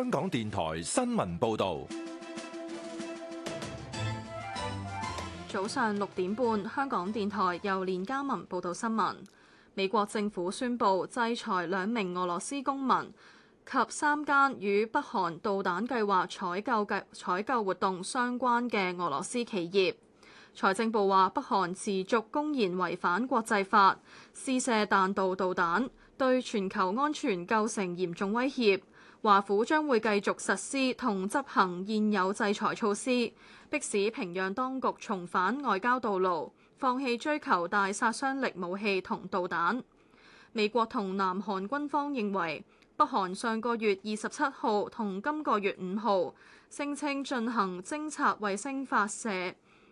香港電台新聞報道，早上六點半，香港電台由連家文報道新聞。美國政府宣布制裁兩名俄羅斯公民及三間與北韓導彈計劃採購嘅採購活動相關嘅俄羅斯企業。財政部話，北韓持續公然違反國際法，試射彈道導彈，對全球安全構成嚴重威脅。華府將會繼續實施同執行現有制裁措施，迫使平壤當局重返外交道路，放棄追求大殺傷力武器同導彈。美國同南韓軍方認為，北韓上個月二十七號同今個月五號聲稱進行偵察衛星發射，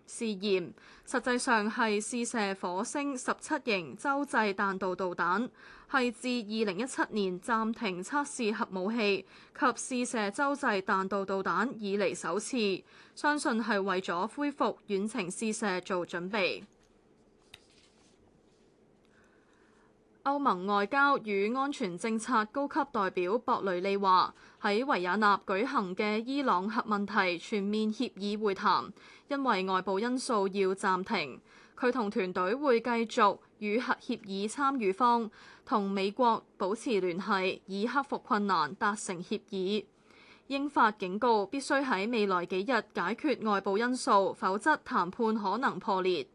試驗實際上係試射火星十七型洲際彈道導彈，係自二零一七年暫停測試核武器及試射洲際彈道導彈以來首次，相信係為咗恢復遠程試射做準備。歐盟外交與安全政策高級代表博雷利話：喺維也納舉行嘅伊朗核問題全面協議會談，因為外部因素要暫停。佢同團隊會繼續與核協議參與方，同美國保持聯繫，以克服困難達成協議。英法警告必須喺未來幾日解決外部因素，否則談判可能破裂。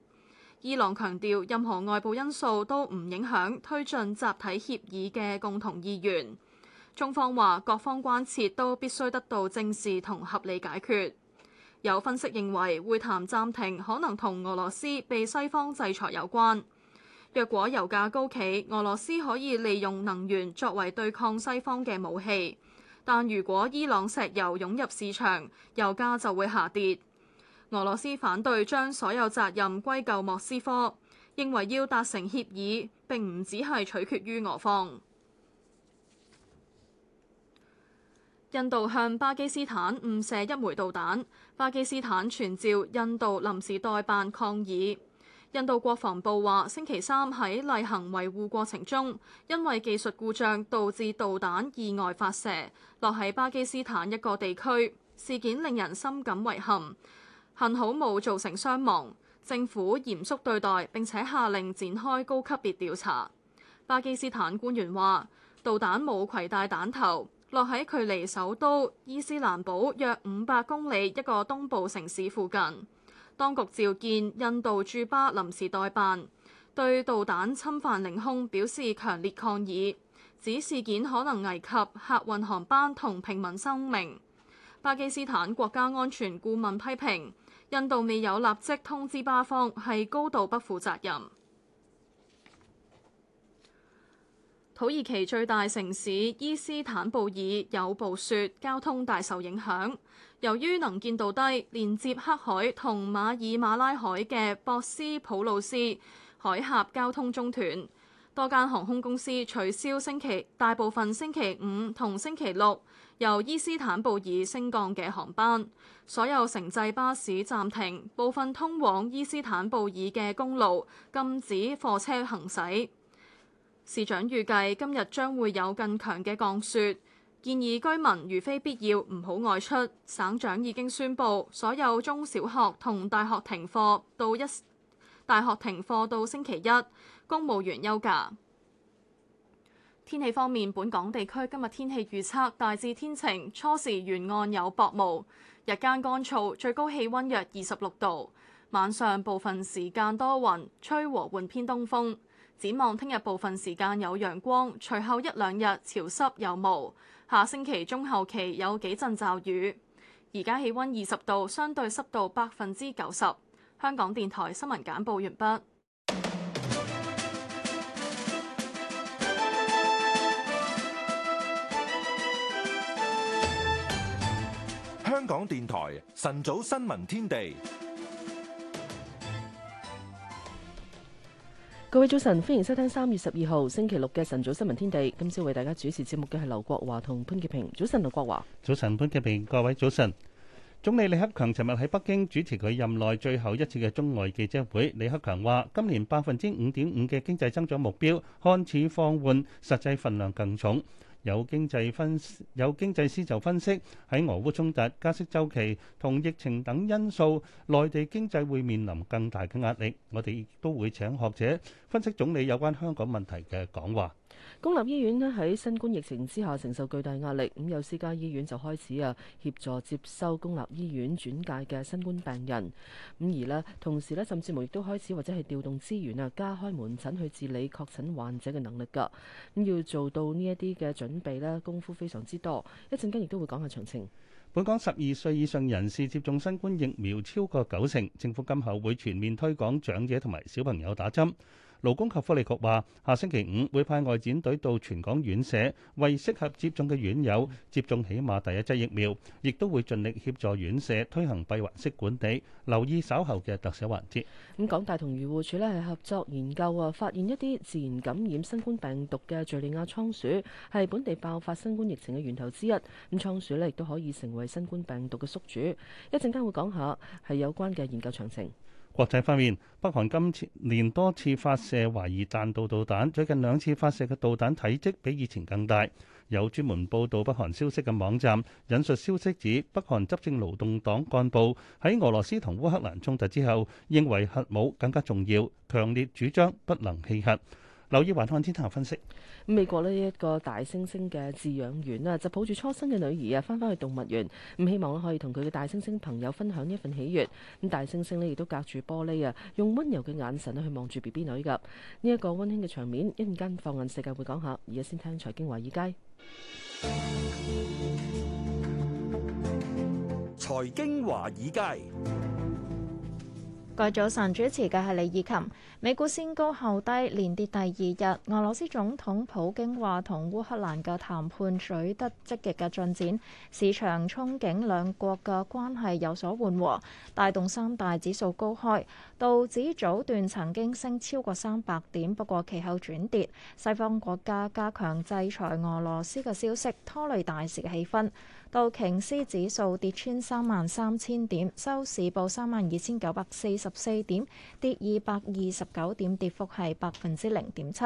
伊朗強調，任何外部因素都唔影響推進集體協議嘅共同意願。中方話，各方關切都必須得到正視同合理解決。有分析認為，會談暫停可能同俄羅斯被西方制裁有關。若果油價高企，俄羅斯可以利用能源作為對抗西方嘅武器；但如果伊朗石油湧入市場，油價就會下跌。俄羅斯反對將所有責任歸咎莫斯科，認為要達成協議並唔只係取決於俄方。印度向巴基斯坦誤射一枚導彈，巴基斯坦傳召印度臨時代辦抗議。印度國防部話，星期三喺例行維護過程中，因為技術故障導致導彈意外發射，落喺巴基斯坦一個地區。事件令人深感遺憾。幸好冇造成傷亡，政府嚴肅對待，並且下令展開高級別調查。巴基斯坦官員話：導彈冇攜帶彈頭，落喺距離首都伊斯蘭堡約五百公里一個東部城市附近。當局召見印度駐巴臨時代辦，對導彈侵犯領空表示強烈抗議，指事件可能危及客運航班同平民生命。巴基斯坦國家安全顧問批評。印度未有立即通知巴方，係高度不負責任。土耳其最大城市伊斯坦布爾有暴雪，交通大受影響，由於能見度低，連接黑海同馬爾馬拉海嘅博斯普魯斯海峽交通中斷，多間航空公司取消星期大部分星期五同星期六。由伊斯坦布爾升降嘅航班，所有城際巴士暫停，部分通往伊斯坦布爾嘅公路禁止貨車行駛。市長預計今日將會有更強嘅降雪，建議居民如非必要唔好外出。省長已經宣布所有中小學同大學停課到一，大學停課到星期一，公務員休假。天氣方面，本港地區今日天氣預測大致天晴，初時沿岸有薄霧，日間乾燥，最高氣溫約二十六度。晚上部分時間多雲，吹和緩偏東風。展望聽日部分時間有陽光，隨後一兩日潮濕有霧。下星期中後期有幾陣驟雨。而家氣溫二十度，相對濕度百分之九十。香港電台新聞簡報完畢。香港電台晨早新聞天地，各位早晨，歡迎收聽三月十二號星期六嘅晨早新聞天地。今朝為大家主持節目嘅係劉國華同潘潔平。早晨，劉國華。早晨，潘潔平。各位早晨。總理李克強尋日喺北京主持佢任內最後一次嘅中外記者會。李克強話：今年百分之五點五嘅經濟增長目標看似放緩，實際份量更重。有經濟分有經濟師就分析喺俄烏衝突、加息周期同疫情等因素，內地經濟會面臨更大嘅壓力。我哋亦都會請學者分析總理有關香港問題嘅講話。公立醫院咧喺新冠疫情之下承受巨大壓力，咁有私家醫院就開始啊協助接收公立醫院轉介嘅新冠病人，咁而咧同時咧甚至乎亦都開始或者係調動資源啊加開門診去治理確診患者嘅能力㗎，咁要做到呢一啲嘅準備咧功夫非常之多，一陣間亦都會講下詳情。本港十二歲以上人士接種新冠疫苗超過九成，政府今後會全面推廣長者同埋小朋友打針。勞工及福利局話：下星期五會派外展隊到全港院舍，為適合接種嘅院友接種起碼第一劑疫苗，亦都會盡力協助院舍推行閉環式管理，留意稍後嘅特殊環節。咁港大同漁護署呢係合作研究，發現一啲自然感染新冠病毒嘅敍利亞倉鼠係本地爆發新冠疫情嘅源頭之一。咁倉鼠呢亦都可以成為新冠病毒嘅宿主。一陣間會講下係有關嘅研究詳情。國際方面，北韓今年多次發射懷疑彈道導彈，最近兩次發射嘅導彈體積比以前更大。有專門報導北韓消息嘅網站引述消息指，北韓執政勞動黨幹部喺俄羅斯同烏克蘭衝突之後，認為核武更加重要，強烈主張不能棄核。留意環看天下分析。美國咧一個大猩猩嘅飼養員啦，就抱住初生嘅女兒啊，翻翻去動物園，咁希望可以同佢嘅大猩猩朋友分享一份喜悅。咁大猩猩咧亦都隔住玻璃啊，用溫柔嘅眼神去望住 B B 女噶。呢、這、一個溫馨嘅場面，一陣間放眼世界會講下。而家先聽財經華爾街。財經華爾街。財經華爾街早晨主持嘅係李以琴。美股先高後低，連跌第二日。俄羅斯總統普京話同烏克蘭嘅談判取得積極嘅進展，市場憧憬兩國嘅關係有所緩和，帶動三大指數高開，道指早段曾經升超過三百點，不過其後轉跌。西方國家加強制裁俄羅斯嘅消息拖累大市嘅氣氛。道瓊斯指數跌穿三萬三千點，收市報三萬二千九百四十四點，跌二百二十九點，跌幅係百分之零點七。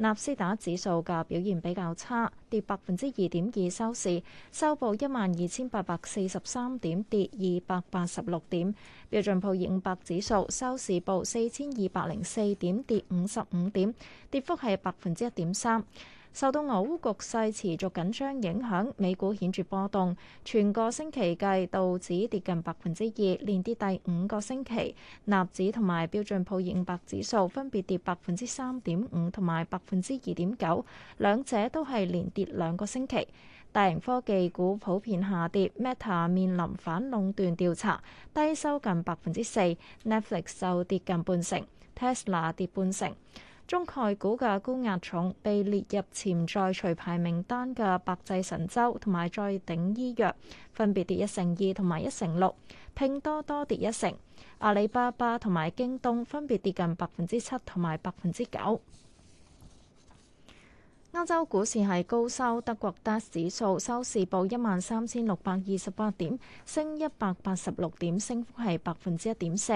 納斯達指數嘅表現比較差，跌百分之二點二，收市收報一萬二千八百四十三點，跌二百八十六點。標準普爾五百指數收市報四千二百零四點，跌五十五點，跌幅係百分之一點三。受到俄烏局勢持續緊張影響，美股顯著波動。全個星期計，道指跌近百分之二，連跌第五個星期。納指同埋標準普爾五百指數分別跌百分之三點五同埋百分之二點九，兩者都係連跌兩個星期。大型科技股普遍下跌，Meta 面臨反壟斷調查，低收近百分之四；Netflix 就跌近半成，Tesla 跌半成。中概股嘅高壓重被列入潛在除牌名單嘅百濟神州同埋再鼎醫藥分別跌一成二同埋一成六，拼多多跌一成，阿里巴巴同埋京東分別跌近百分之七同埋百分之九。歐洲股市係高收，德國 DAX 指數收市報一萬三千六百二十八點，升一百八十六點，升幅係百分之一點四。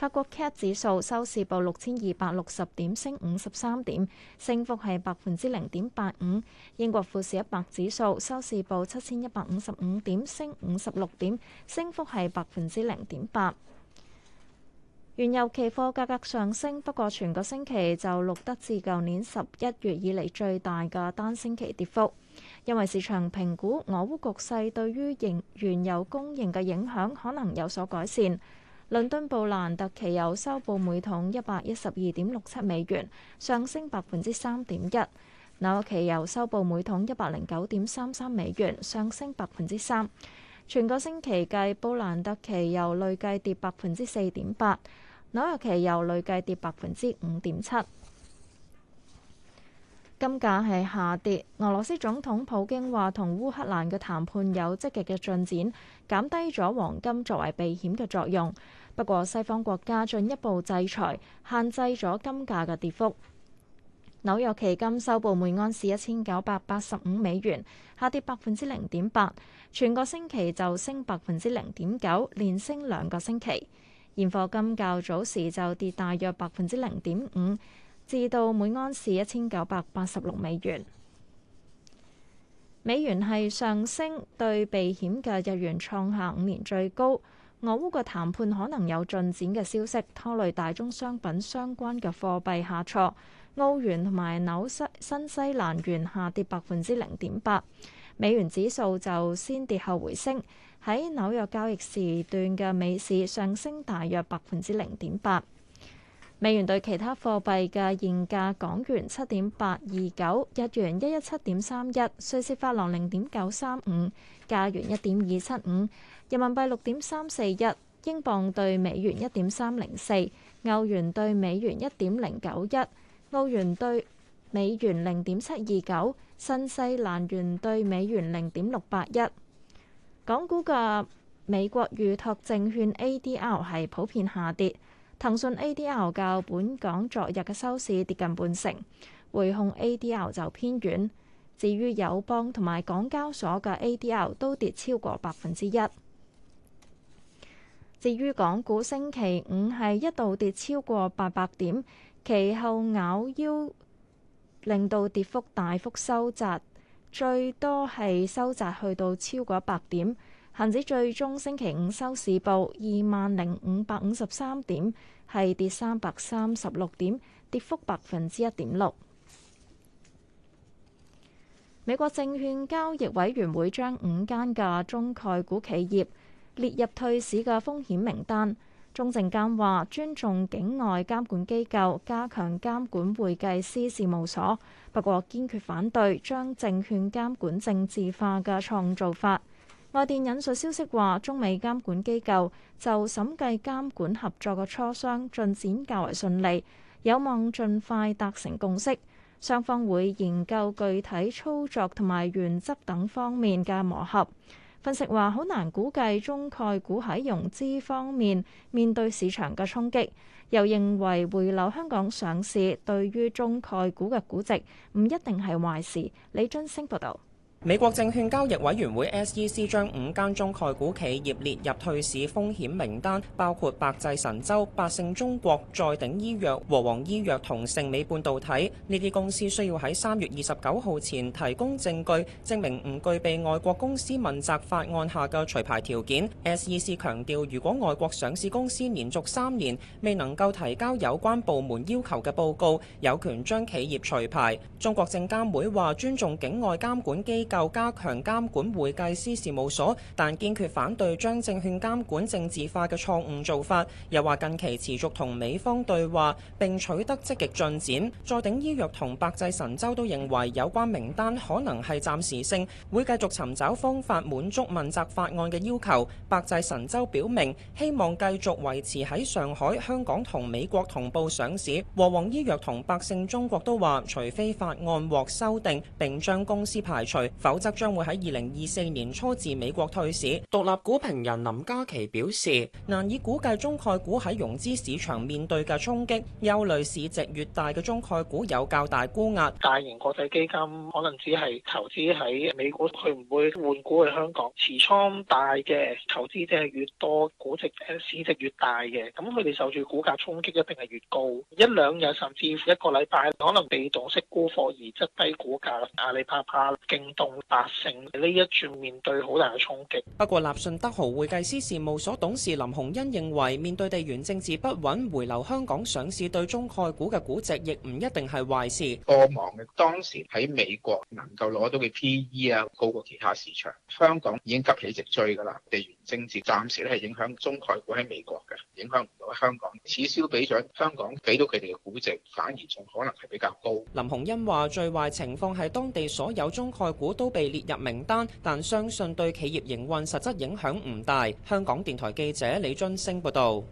法國 CAC 指數收市報六千二百六十點，升五十三點，升幅係百分之零點八五。英國富時一百指數收市報七千一百五十五點，升五十六點，升幅係百分之零點八。原油期貨價格上升，不過全個星期就錄得自舊年十一月以嚟最大嘅單星期跌幅，因為市場評估俄烏局勢對於油原油供應嘅影響可能有所改善。倫敦布蘭特期油收報每桶一百一十二點六七美元，上升百分之三點一；紐約期油收報每桶一百零九點三三美元，上升百分之三。全個星期計，布蘭特期油累計跌百分之四點八，紐約期油累計跌百分之五點七。金價係下跌。俄羅斯總統普京話，同烏克蘭嘅談判有積極嘅進展，減低咗黃金作為避險嘅作用。不過，西方國家進一步制裁，限制咗金價嘅跌幅。紐約期金收報每安士一千九百八十五美元，下跌百分之零點八，全個星期就升百分之零點九，連升兩個星期。現貨金較早時就跌大約百分之零點五，至到每安士一千九百八十六美元。美元係上升，對避險嘅日元創下五年最高。俄烏嘅談判可能有進展嘅消息，拖累大宗商品相關嘅貨幣下挫，澳元同埋紐西新西蘭元下跌百分之零點八，美元指數就先跌後回升，喺紐約交易時段嘅美市上升大約百分之零點八。美元兌其他貨幣嘅現價：港元七點八二九，日元一一七點三一，瑞士法郎零點九三五，加元一點二七五，人民幣六點三四一，英鎊對美元一點三零四，歐元對美元一點零九一，澳元對美元零點七二九，新西蘭元對美元零點六八一。港股嘅美國預託證券 ADR 係普遍下跌。騰訊 A.D.L. 較本港昨日嘅收市跌近半成，匯控 A.D.L. 就偏軟。至於友邦同埋港交所嘅 A.D.L. 都跌超過百分之一。至於港股星期五係一度跌超過八百點，其後咬腰令到跌幅大幅收窄，最多係收窄去到超過一百點。恒指最終星期五收市報二萬零五百五十三點，係跌三百三十六點，跌幅百分之一點六。美國證券交易委員會將五間嘅中概股企業列入退市嘅風險名單。中證監話尊重境外監管機構，加強監管會計師事務所，不過堅決反對將證券監管政治化嘅錯誤做法。外電引述消息話，中美監管機構就審計監管合作嘅磋商進展較為順利，有望盡快達成共識，雙方會研究具體操作同埋原則等方面嘅磨合。分析話，好難估計中概股喺融資方面面對市場嘅衝擊，又認為回流香港上市對於中概股嘅估值唔一定係壞事。李津升報道。美國證券交易委員會 SEC 將五間中概股企業列入退市風險名單，包括百濟神州、百勝中國、再鼎醫藥、和黃醫藥同盛美半導體。呢啲公司需要喺三月二十九號前提供證據，證明唔具備外國公司問責法案下嘅除牌條件。SEC 強調，如果外國上市公司連續三年未能夠提交有關部門要求嘅報告，有權將企業除牌。中國證監會話尊重境外監管機夠加強監管會計師事務所，但堅決反對將證券監管政治化嘅錯誤做法。又話近期持續同美方對話，並取得積極進展。再鼎醫藥同百濟神州都認為有關名單可能係暫時性，會繼續尋找方法滿足問責法案嘅要求。百濟神州表明希望繼續維持喺上海、香港同美國同步上市。往往藥和黃醫藥同百勝中國都話，除非法案獲修訂，並將公司排除。否則將會喺二零二四年初自美國退市。獨立股評人林嘉琪表示，難以估計中概股喺融資市場面對嘅衝擊，憂慮市值越大嘅中概股有較大沽壓。大型國際基金可能只係投資喺美股，佢唔會換股去香港。持倉大嘅投資者越多，股值市值越大嘅，咁佢哋受住股價衝擊一定係越高。一兩日甚至一個禮拜，可能被動式沽貨而擠低股價。阿里巴巴動、京東。達成呢一轉面對好大嘅衝擊。不過立信德豪會計師事務所董事林鴻恩認為，面對地緣政治不穩，回流香港上市對中概股嘅估值亦唔一定係壞事。過往嘅當時喺美國能夠攞到嘅 P E 啊，高過其他市場。香港已經急起直追噶啦。地緣政治暫時咧係影響中概股喺美國嘅，影響唔到香港。此消彼長，香港俾到佢哋嘅估值反而仲可能係比較高。林鴻恩話：最壞情況係當地所有中概股。都被列入名單，但相信對企業營運實質影響唔大。香港電台記者李津星報道。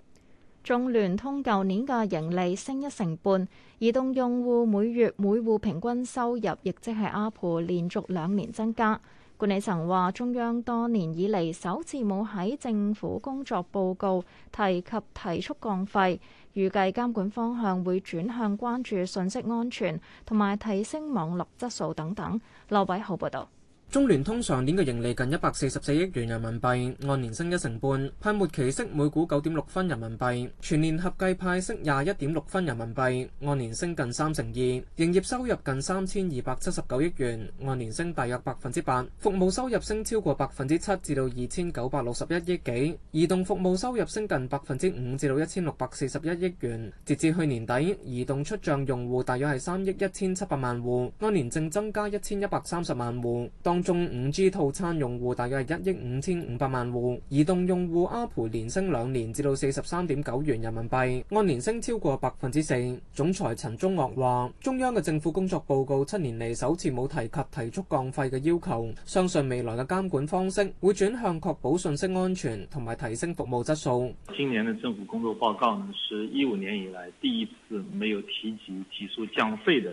中聯通舊年嘅盈利升一成半，移動用戶每月每戶平均收入亦即係阿普連續兩年增加。管理層話，中央多年以嚟首次冇喺政府工作報告提及提速降費。預計監管方向會轉向關注信息安全同埋提升網絡質素等等。劉偉豪報道。中聯通上年嘅盈利近一百四十四億元人民幣，按年升一成半，派末期息每股九點六分人民幣，全年合計派息廿一點六分人民幣，按年升近三成二。營業收入近三千二百七十九億元，按年升大約百分之八。服務收入升超過百分之七，至到二千九百六十一億幾。移動服務收入升近百分之五，至到一千六百四十一億元。截至去年底，移動出賬用戶大約係三億一千七百萬戶，按年淨增加一千一百三十萬戶。當中五 G 套餐用戶大約係一億五千五百萬戶，移動用戶 ARPU 連升兩年，至到四十三點九元人民幣，按年升超過百分之四。總裁陳忠岳話：中央嘅政府工作報告七年嚟首次冇提及提速降費嘅要求，相信未來嘅監管方式會轉向確保信息安全同埋提升服務質素。今年嘅政府工作報告呢，是一五年以來第一次沒有提及提速降費的。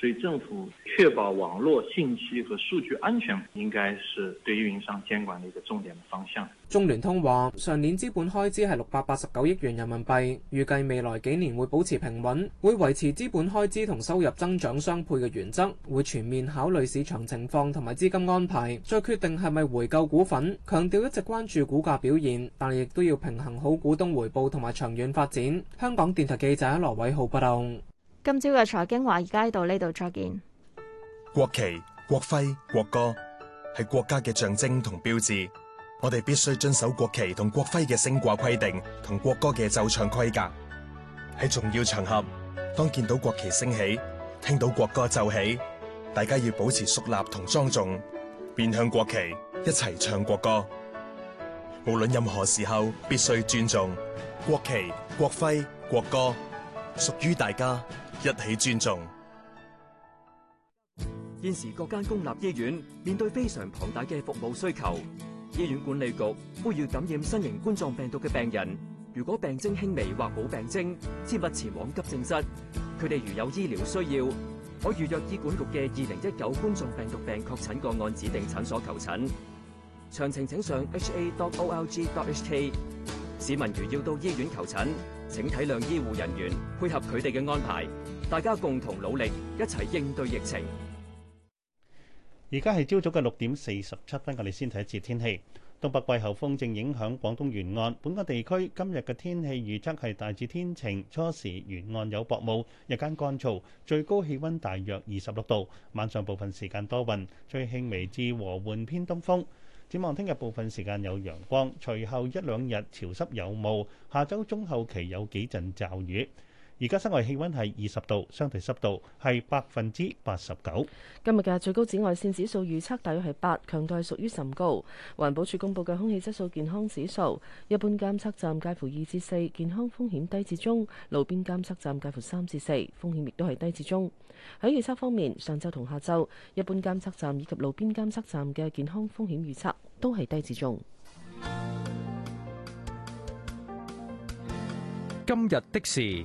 所以政府確保網絡信息和數據安全，應該是對運營商監管的一個重點的方向。中聯通話上年資本開支係六百八十九億元人民幣，預計未來幾年會保持平穩，會維持資本開支同收入增長相配嘅原則，會全面考慮市場情況同埋資金安排，再決定係咪回購股份。強調一直關注股價表現，但係亦都要平衡好股東回報同埋長遠發展。香港電台記者羅偉浩報道。今朝嘅財經話而家喺度呢度再見。國旗、國徽、國歌係國家嘅象徵同標誌，我哋必須遵守國旗同國徽嘅升掛規定，同國歌嘅奏唱規格。喺重要場合，當見到國旗升起，聽到國歌奏起，大家要保持肅立同莊重，面向國旗一齊唱國歌。無論任何時候，必須尊重國旗、國徽、國歌，屬於大家。一起尊重。現時各間公立醫院面對非常龐大嘅服務需求，醫院管理局呼籲感染新型冠狀病毒嘅病人，如果病徵輕微或冇病徵，切勿前往急症室。佢哋如有醫療需要，可預約醫管局嘅二零一九冠狀病毒病確診個案指定診所求診。詳情請上 ha.org.hk。市民如要到醫院求診，請體諒醫護人員，配合佢哋嘅安排。大家共同努力，一齊應對疫情。而家係朝早嘅六點四十七分，我哋先睇一次天氣。東北季候風正影響廣東沿岸本港地區，今日嘅天氣預測係大致天晴，初時沿岸有薄霧，日間乾燥，最高氣温大約二十六度，晚上部分時間多雲，吹輕微至和緩偏東風。展望聽日部分時間有陽光，隨後一兩日潮濕有霧，下周中後期有幾陣驟雨。而家室外氣溫係二十度，相對濕度係百分之八十九。今日嘅最高紫外線指數預測大約係八，強度係屬於甚高。環保署公布嘅空氣質素健康指數，一般監測站介乎二至四，健康風險低至中；路邊監測站介乎三至四，風險亦都係低至中。喺預測方面，上晝同下晝，一般監測站以及路邊監測站嘅健康風險預測都係低至中。今日的時。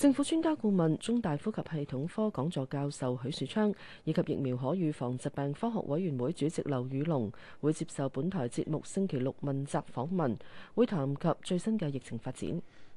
政府專家顧問、中大呼吸系統科講座教授許樹昌，以及疫苗可預防疾病科學委員會主席劉宇龍，會接受本台節目星期六問責訪問，會談及最新嘅疫情發展。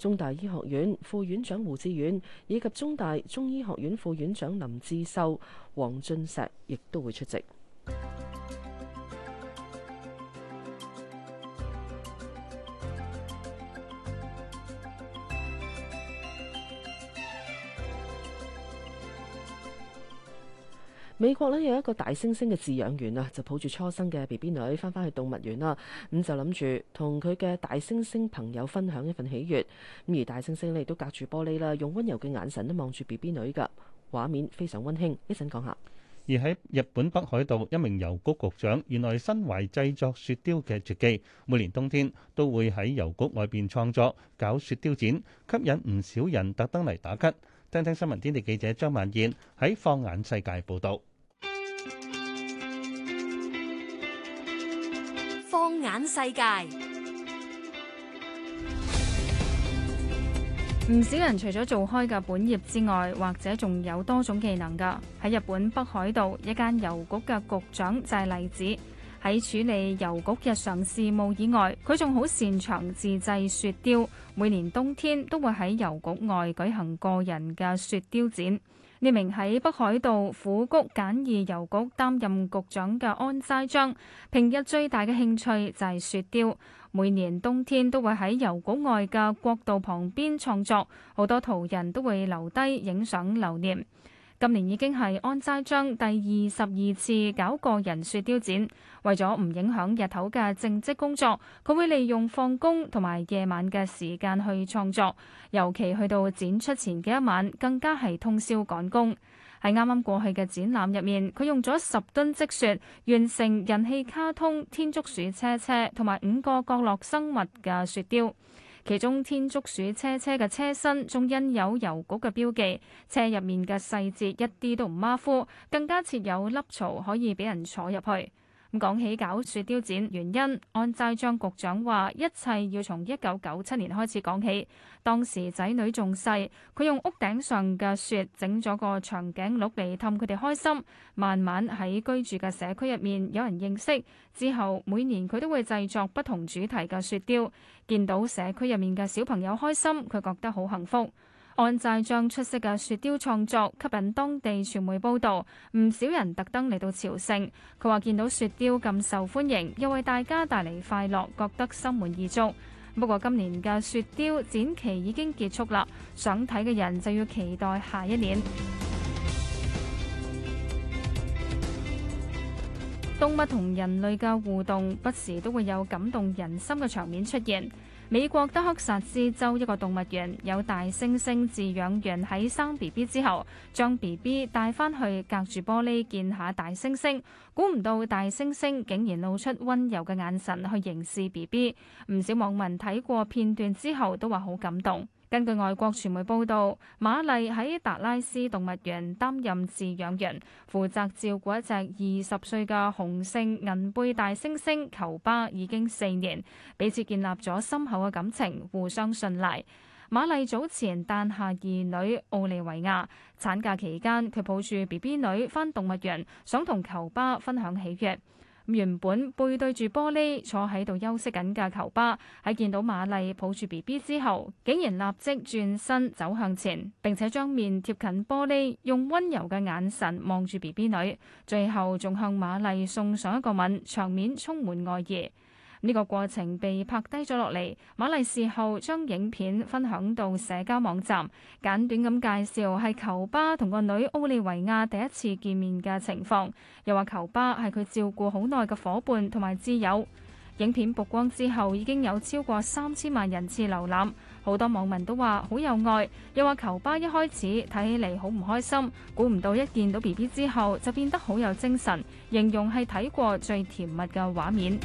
中大醫學院副院長胡志遠，以及中大中醫學院副院長林志秀、王俊石亦都會出席。美國咧有一個大猩猩嘅飼養員啊，就抱住初生嘅 B B 女翻返去動物園啦。咁就諗住同佢嘅大猩猩朋友分享一份喜悅。咁而大猩猩咧亦都隔住玻璃啦，用溫柔嘅眼神都望住 B B 女噶，畫面非常溫馨。一陣講下。而喺日本北海道，一名郵局局長原來身懷製作雪雕嘅絕技，每年冬天都會喺郵局外邊創作搞雪雕展，吸引唔少人特登嚟打卡。聽聽新聞天地記者張曼燕喺放眼世界報導。眼世界，唔少人除咗做開嘅本業之外，或者仲有多種技能㗎。喺日本北海道一間郵局嘅局長就係例子。喺處理郵局日常事務以外，佢仲好擅長自製雪雕。每年冬天都會喺郵局外舉行個人嘅雪雕展。呢名喺北海道虎谷簡易郵局擔任局長嘅安齋章，平日最大嘅興趣就係雪雕，每年冬天都會喺郵局外嘅國道旁邊創作，好多途人都會留低影相留念。今年已經係安齋將第二十二次搞個人雪雕展，為咗唔影響日頭嘅正職工作，佢會利用放工同埋夜晚嘅時間去創作，尤其去到展出前嘅一晚，更加係通宵趕工。喺啱啱過去嘅展覽入面，佢用咗十噸積雪完成人氣卡通天竺鼠車車同埋五個角落生物嘅雪雕。其中天竺鼠車車嘅車身仲印有郵局嘅標記，車入面嘅細節一啲都唔馬虎，更加設有凹槽可以俾人坐入去。咁講起搞雪雕展原因，安齋章局長話：一切要從一九九七年開始講起。當時仔女仲細，佢用屋頂上嘅雪整咗個長頸鹿嚟氹佢哋開心。慢慢喺居住嘅社區入面有人認識，之後每年佢都會製作不同主題嘅雪雕，見到社區入面嘅小朋友開心，佢覺得好幸福。按寨將出色嘅雪雕創作吸引當地傳媒報道，唔少人特登嚟到朝聖。佢話見到雪雕咁受歡迎，又為大家帶嚟快樂，覺得心滿意足。不過今年嘅雪雕展期已經結束啦，想睇嘅人就要期待下一年。動物同人類嘅互動，不時都會有感動人心嘅場面出現。美國德克薩斯州一個動物園有大猩猩飼養員喺生 B B 之後，將 B B 帶翻去隔住玻璃見下大猩猩，估唔到大猩猩竟然露出溫柔嘅眼神去凝視 B B，唔少網民睇過片段之後都話好感動。根據外國傳媒報道，瑪麗喺達拉斯動物園擔任飼養員，負責照顧一隻二十歲嘅雄性銀背大猩猩球巴已經四年，彼此建立咗深厚嘅感情，互相信賴。瑪麗早前誕下二女奧利維亞，產假期間佢抱住 BB 女返動物園，想同球巴分享喜悅。原本背對住玻璃坐喺度休息緊嘅球巴，喺見到馬麗抱住 BB 之後，竟然立即轉身走向前，並且將面貼近玻璃，用溫柔嘅眼神望住 BB 女，最後仲向馬麗送上一個吻，場面充滿愛意。呢個過程被拍低咗落嚟。馬麗事後將影片分享到社交網站，簡短咁介紹係球巴同個女奧利維亞第一次見面嘅情況，又話球巴係佢照顧好耐嘅伙伴同埋摯友。影片曝光之後已經有超過三千萬人次瀏覽，好多網民都話好有愛，又話球巴一開始睇起嚟好唔開心，估唔到一見到 BB 之後就變得好有精神，形容係睇過最甜蜜嘅畫面。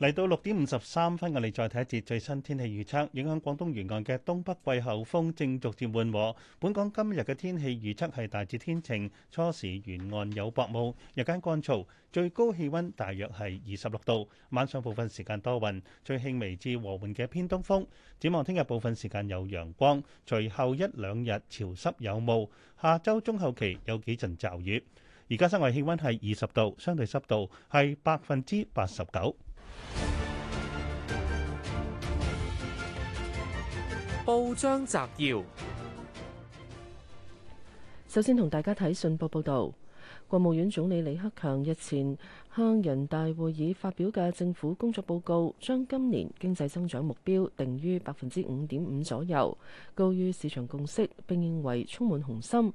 嚟到六點五十三分，我哋再睇一節最新天氣預測。影響廣東沿岸嘅東北季候風正逐漸緩和。本港今日嘅天氣預測係大致天晴，初時沿岸有薄霧，日間乾燥，最高氣温大約係二十六度。晚上部分時間多雲，最慶微至和緩嘅偏東風。展望聽日部分時間有陽光，隨後一兩日潮濕有霧。下周中後期有幾陣驟雨。而家室外氣温係二十度，相對濕度係百分之八十九。報章摘要：首先同大家睇信報報道，國務院總理李克強日前向人大會議發表嘅政府工作報告，將今年經濟增長目標定於百分之五點五左右，高於市場共識，並認為充滿雄心。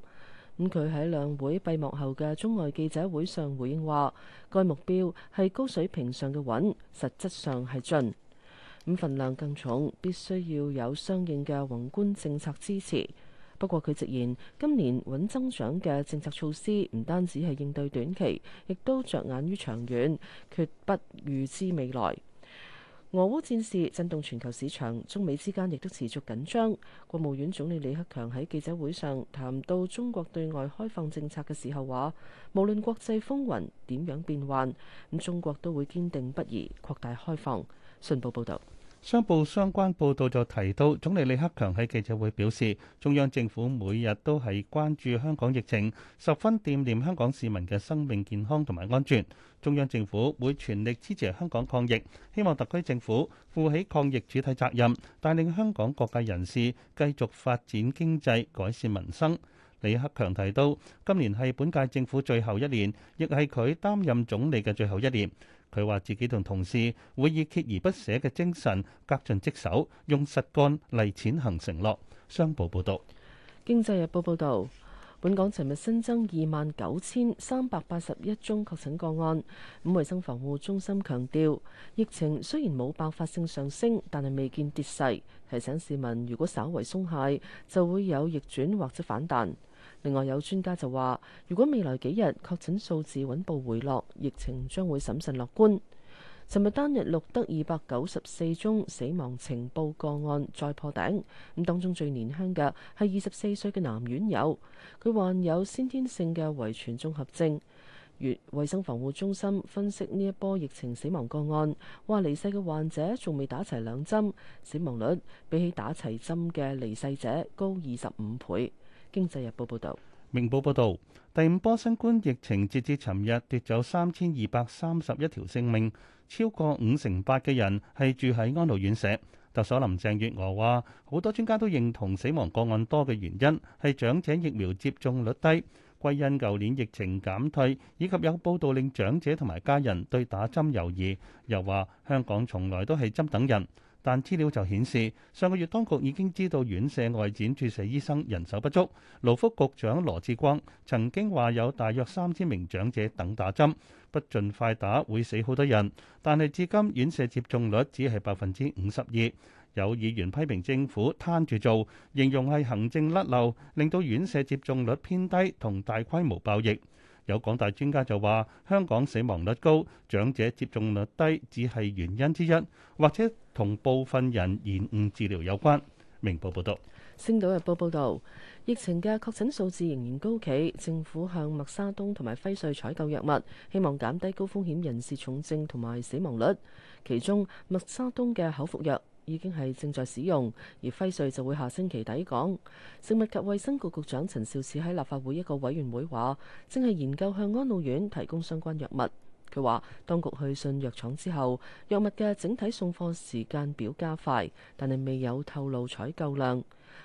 咁佢喺兩會閉幕後嘅中外記者會上回應話，該目標係高水平上嘅穩，實質上係進，咁份量更重，必須要有相應嘅宏觀政策支持。不過佢直言，今年穩增長嘅政策措施唔單止係應對短期，亦都着眼於長遠，絕不預支未來。俄烏戰事震動全球市場，中美之間亦都持續緊張。國務院總理李克強喺記者會上談到中國對外開放政策嘅時候話：「無論國際風雲點樣變幻，咁中國都會堅定不移擴大開放。」信報報道。商報相關報道就提到,總理李克強喺記者會表示,中央政府每日都係關注香港疫情,十分惦念香港市民的生命健康同埋安全。中央政府會全力支持香港抗疫,希望特區政府負起抗疫主體責任,帶領香港各界人士繼續發展經濟改善民生。李克強提到,今年是本屆政府最後一年,亦係佢擔任總理嘅最後一年。佢話：自己同同事會以鍥而不捨嘅精神，恪盡職守，用實幹嚟踐行承諾。商報報道：《經濟日報》報道，本港尋日新增二萬九千三百八十一宗確診個案。咁衛生防護中心強調，疫情雖然冇爆發性上升，但係未見跌勢，提醒市民如果稍為鬆懈，就會有逆轉或者反彈。另外有專家就話，如果未來幾日確診數字穩步回落，疫情將會審慎樂觀。尋日單日錄得二百九十四宗死亡呈報個案，再破頂。咁當中最年輕嘅係二十四歲嘅男院友，佢患有先天性嘅遺傳綜合症。而衛生防護中心分析呢一波疫情死亡個案，話離世嘅患者仲未打齊兩針，死亡率比起打齊針嘅離世者高二十五倍。經濟日報報導，明報報導，第五波新冠疫情截至尋日奪走三千二百三十一條性命，超過五成八嘅人係住喺安老院舍。特首林鄭月娥話，好多專家都認同死亡個案多嘅原因係長者疫苗接種率低，歸因舊年疫情減退，以及有報道令長者同埋家人對打針猶豫。又話香港從來都係針等人。但資料就顯示，上個月當局已經知道院舍外展注射醫生人手不足。勞福局長羅致光曾經話有大約三千名長者等打針，不盡快打會死好多人。但係至今院舍接種率只係百分之五十二，有議員批評政府攤住做，形容係行政甩漏，令到院舍接種率偏低同大規模爆疫。有港大專家就話，香港死亡率高、長者接種率低，只係原因之一，或者同部分人延誤治療有關。明報報導，《星島日報》報道，疫情嘅確診數字仍然高企，政府向默沙東同埋輝瑞採購藥物，希望減低高風險人士重症同埋死亡率，其中默沙東嘅口服藥，已經係正在使用，而輝瑞就會下星期抵港。食物及衛生局局長陳肇始喺立法會一個委員會話，正係研究向安老院提供相關藥物。佢話，當局去信藥廠之後，藥物嘅整體送貨時間表加快，但係未有透露採購量。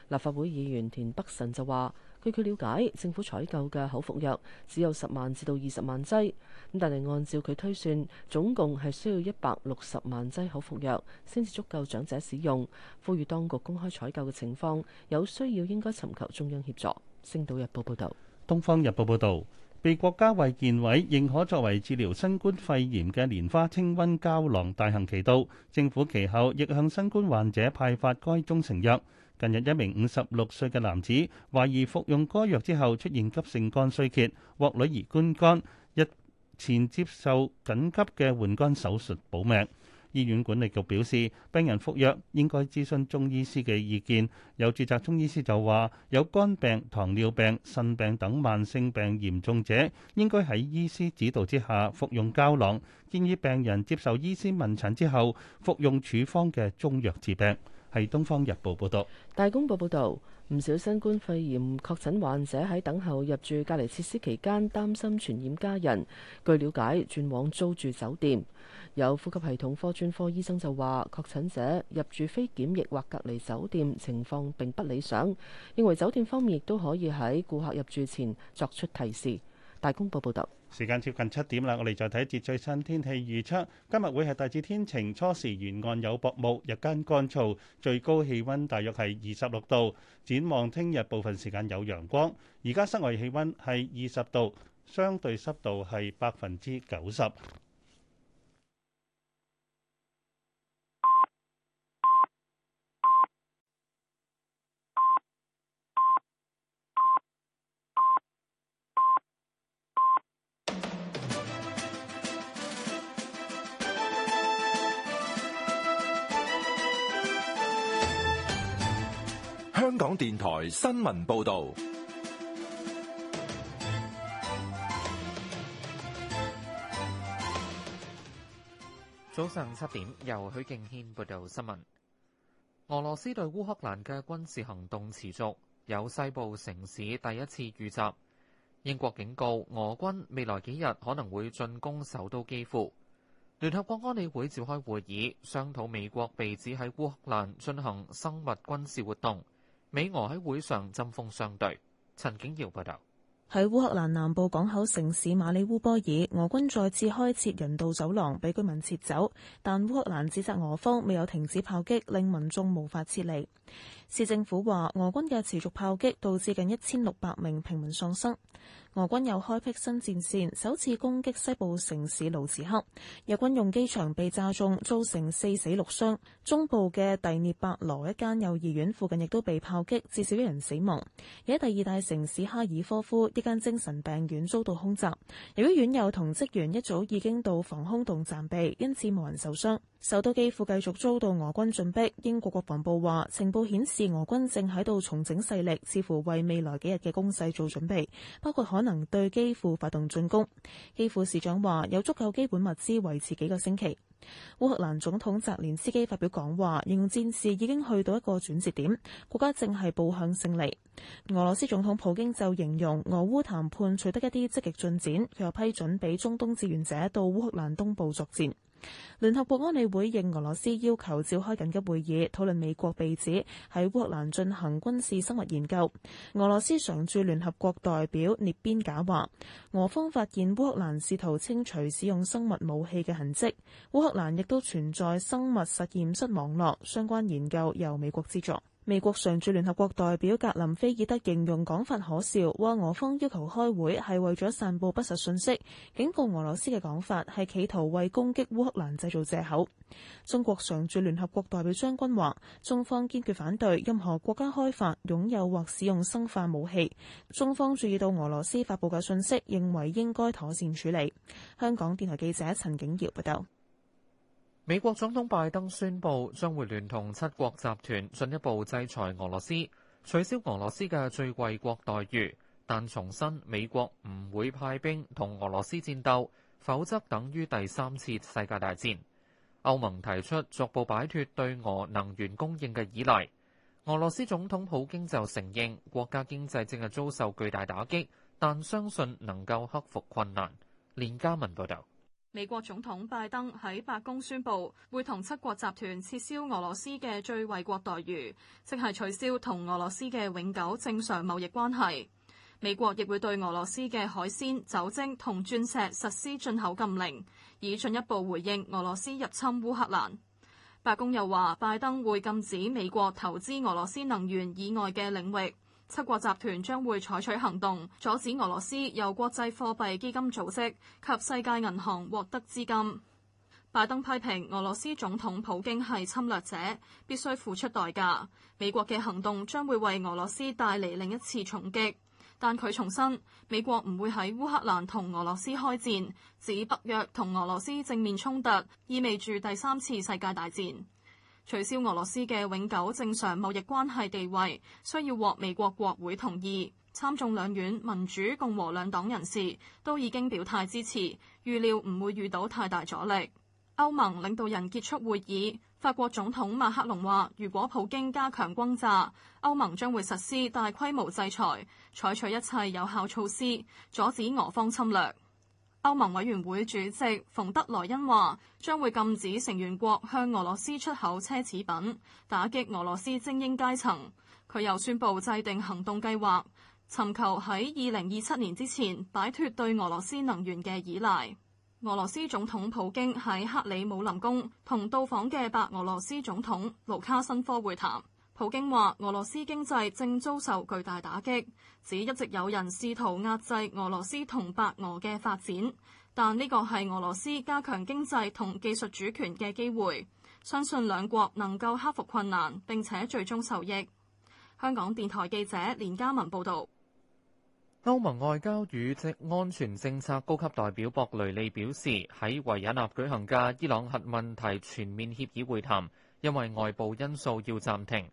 立法會議員田北辰就話。據佢了解，政府採購嘅口服藥只有十萬至到二十萬劑，咁但係按照佢推算，總共係需要一百六十萬劑口服藥先至足夠長者使用。呼籲當局公開採購嘅情況，有需要應該尋求中央協助。星島日報報道：「東方日報報道，被國家衛健委認可作為治療新冠肺炎嘅蓮花清瘟膠囊大行其道，政府其後亦向新冠患者派發該中成藥。」近日，一名五十六歲嘅男子懷疑服用該藥之後出現急性肝衰竭，獲女兒捐肝，日前接受緊急嘅換肝手術保命。醫院管理局表示，病人服藥應該諮詢中醫師嘅意見，有註冊中醫師就話有肝病、糖尿病、腎病等慢性病嚴重者，應該喺醫師指導之下服用膠囊，建議病人接受醫師問診之後服用處方嘅中藥治病。係《東方日報》報道，大公報報道，唔少新冠肺炎確診患者喺等候入住隔離設施期間，擔心傳染家人，據了解轉往租住酒店。有呼吸系統科專科醫生就話，確診者入住非檢疫或隔離酒店情況並不理想，認為酒店方面亦都可以喺顧客入住前作出提示。大公報報道，時間接近七點啦，我哋再睇一節最新天氣預測。今日會係大致天晴，初時沿岸有薄霧，日間乾燥，最高氣溫大約係二十六度。展望聽日部分時間有陽光。而家室外氣溫係二十度，相對濕度係百分之九十。香港電台新聞報道，早上七點由許敬軒報道新聞。俄羅斯對烏克蘭嘅軍事行動持續，有西部城市第一次遇襲。英國警告俄軍未來幾日可能會進攻首都基輔。聯合國安理會召開會議，商討美國被指喺烏克蘭進行生物軍事活動。美俄喺會上針鋒相對。陳景耀報道，喺烏克蘭南部港口城市馬里烏波爾，俄軍再次開設人道走廊俾居民撤走，但烏克蘭指責俄方未有停止炮擊，令民眾無法撤離。市政府話，俄軍嘅持續炮擊導致近一千六百名平民喪生。俄軍又開闢新戰線，首次攻擊西部城市盧茨克。日軍用機場被炸中，造成四死六傷。中部嘅第聶伯羅一間幼兒園附近亦都被炮擊，至少一人死亡。而喺第二大城市哈爾科夫，一間精神病院遭到空襲，由於院友同職員一早已經到防空洞暫避，因此冇人受傷。首都基輔繼續遭到俄軍進逼，英國國防部話，情報顯示俄軍正喺度重整勢力，似乎為未來幾日嘅攻勢做準備，包括可能對基輔發動進攻。基輔市長話，有足夠基本物資維持幾個星期。烏克蘭總統澤連斯基發表講話，形容戰事已經去到一個轉折點，國家正係步向勝利。俄羅斯總統普京就形容，俄烏談判取得一啲積極進展，佢又批准畀中東志願者到烏克蘭東部作戰。聯合國安理會應俄羅斯要求召開緊急會議，討論美國被指喺烏克蘭進行軍事生物研究。俄羅斯常駐聯合國代表涅邊賈話：俄方發現烏克蘭試圖清除使用生物武器嘅痕迹，烏克蘭亦都存在生物實驗室網絡，相關研究由美國資助。美國常駐聯合國代表格林菲爾德形容講法可笑，話俄方要求開會係為咗散布不實信息，警告俄羅斯嘅講法係企圖為攻擊烏克蘭製造借口。中國常駐聯合國代表張軍話，中方堅決反對任何國家開發、擁有或使用生化武器。中方注意到俄羅斯發布嘅信息，認為應該妥善處理。香港電台記者陳景堯報道。美國總統拜登宣布將會聯同七國集團進一步制裁俄羅斯，取消俄羅斯嘅最惠國待遇，但重申美國唔會派兵同俄羅斯戰鬥，否則等於第三次世界大戰。歐盟提出逐步擺脫對俄能源供應嘅依賴。俄羅斯總統普京就承認國家經濟正係遭受巨大打擊，但相信能夠克服困難。連家文報道。美國總統拜登喺白宮宣佈，會同七國集團撤銷俄羅斯嘅最惠國待遇，即係取消同俄羅斯嘅永久正常貿易關係。美國亦會對俄羅斯嘅海鮮、酒精同鑽石實施進口禁令，以進一步回應俄羅斯入侵烏克蘭。白宮又話，拜登會禁止美國投資俄羅斯能源以外嘅領域。七國集團將會採取行動，阻止俄羅斯由國際貨幣基金組織及世界銀行獲得資金。拜登批評俄羅斯總統普京係侵略者，必須付出代價。美國嘅行動將會為俄羅斯帶嚟另一次重擊，但佢重申，美國唔會喺烏克蘭同俄羅斯開戰，指北約同俄羅斯正面衝突，意味住第三次世界大戰。取消俄羅斯嘅永久正常貿易關係地位，需要獲美國國會同意。參眾兩院民主共和兩黨人士都已經表態支持，預料唔會遇到太大阻力。歐盟領導人結束會議，法國總統馬克龍話，如果普京加強轟炸，歐盟將會實施大規模制裁，採取一切有效措施阻止俄方侵略。歐盟委員會主席馮德萊恩話，將會禁止成員國向俄羅斯出口奢侈品，打擊俄羅斯精英階層。佢又宣布制定行動計劃，尋求喺二零二七年之前擺脫對俄羅斯能源嘅依賴。俄羅斯總統普京喺克里姆林宮同到訪嘅白俄羅斯總統盧卡申科會談。普京話：俄羅斯經濟正遭受巨大打擊，指一直有人試圖壓制俄羅斯同白俄嘅發展，但呢個係俄羅斯加強經濟同技術主權嘅機會，相信兩國能夠克服困難並且最終受益。香港電台記者連嘉文報道。歐盟外交與安全政策高級代表博雷利表示，喺維也納舉行嘅伊朗核問題全面協議會談，因為外部因素要暫停。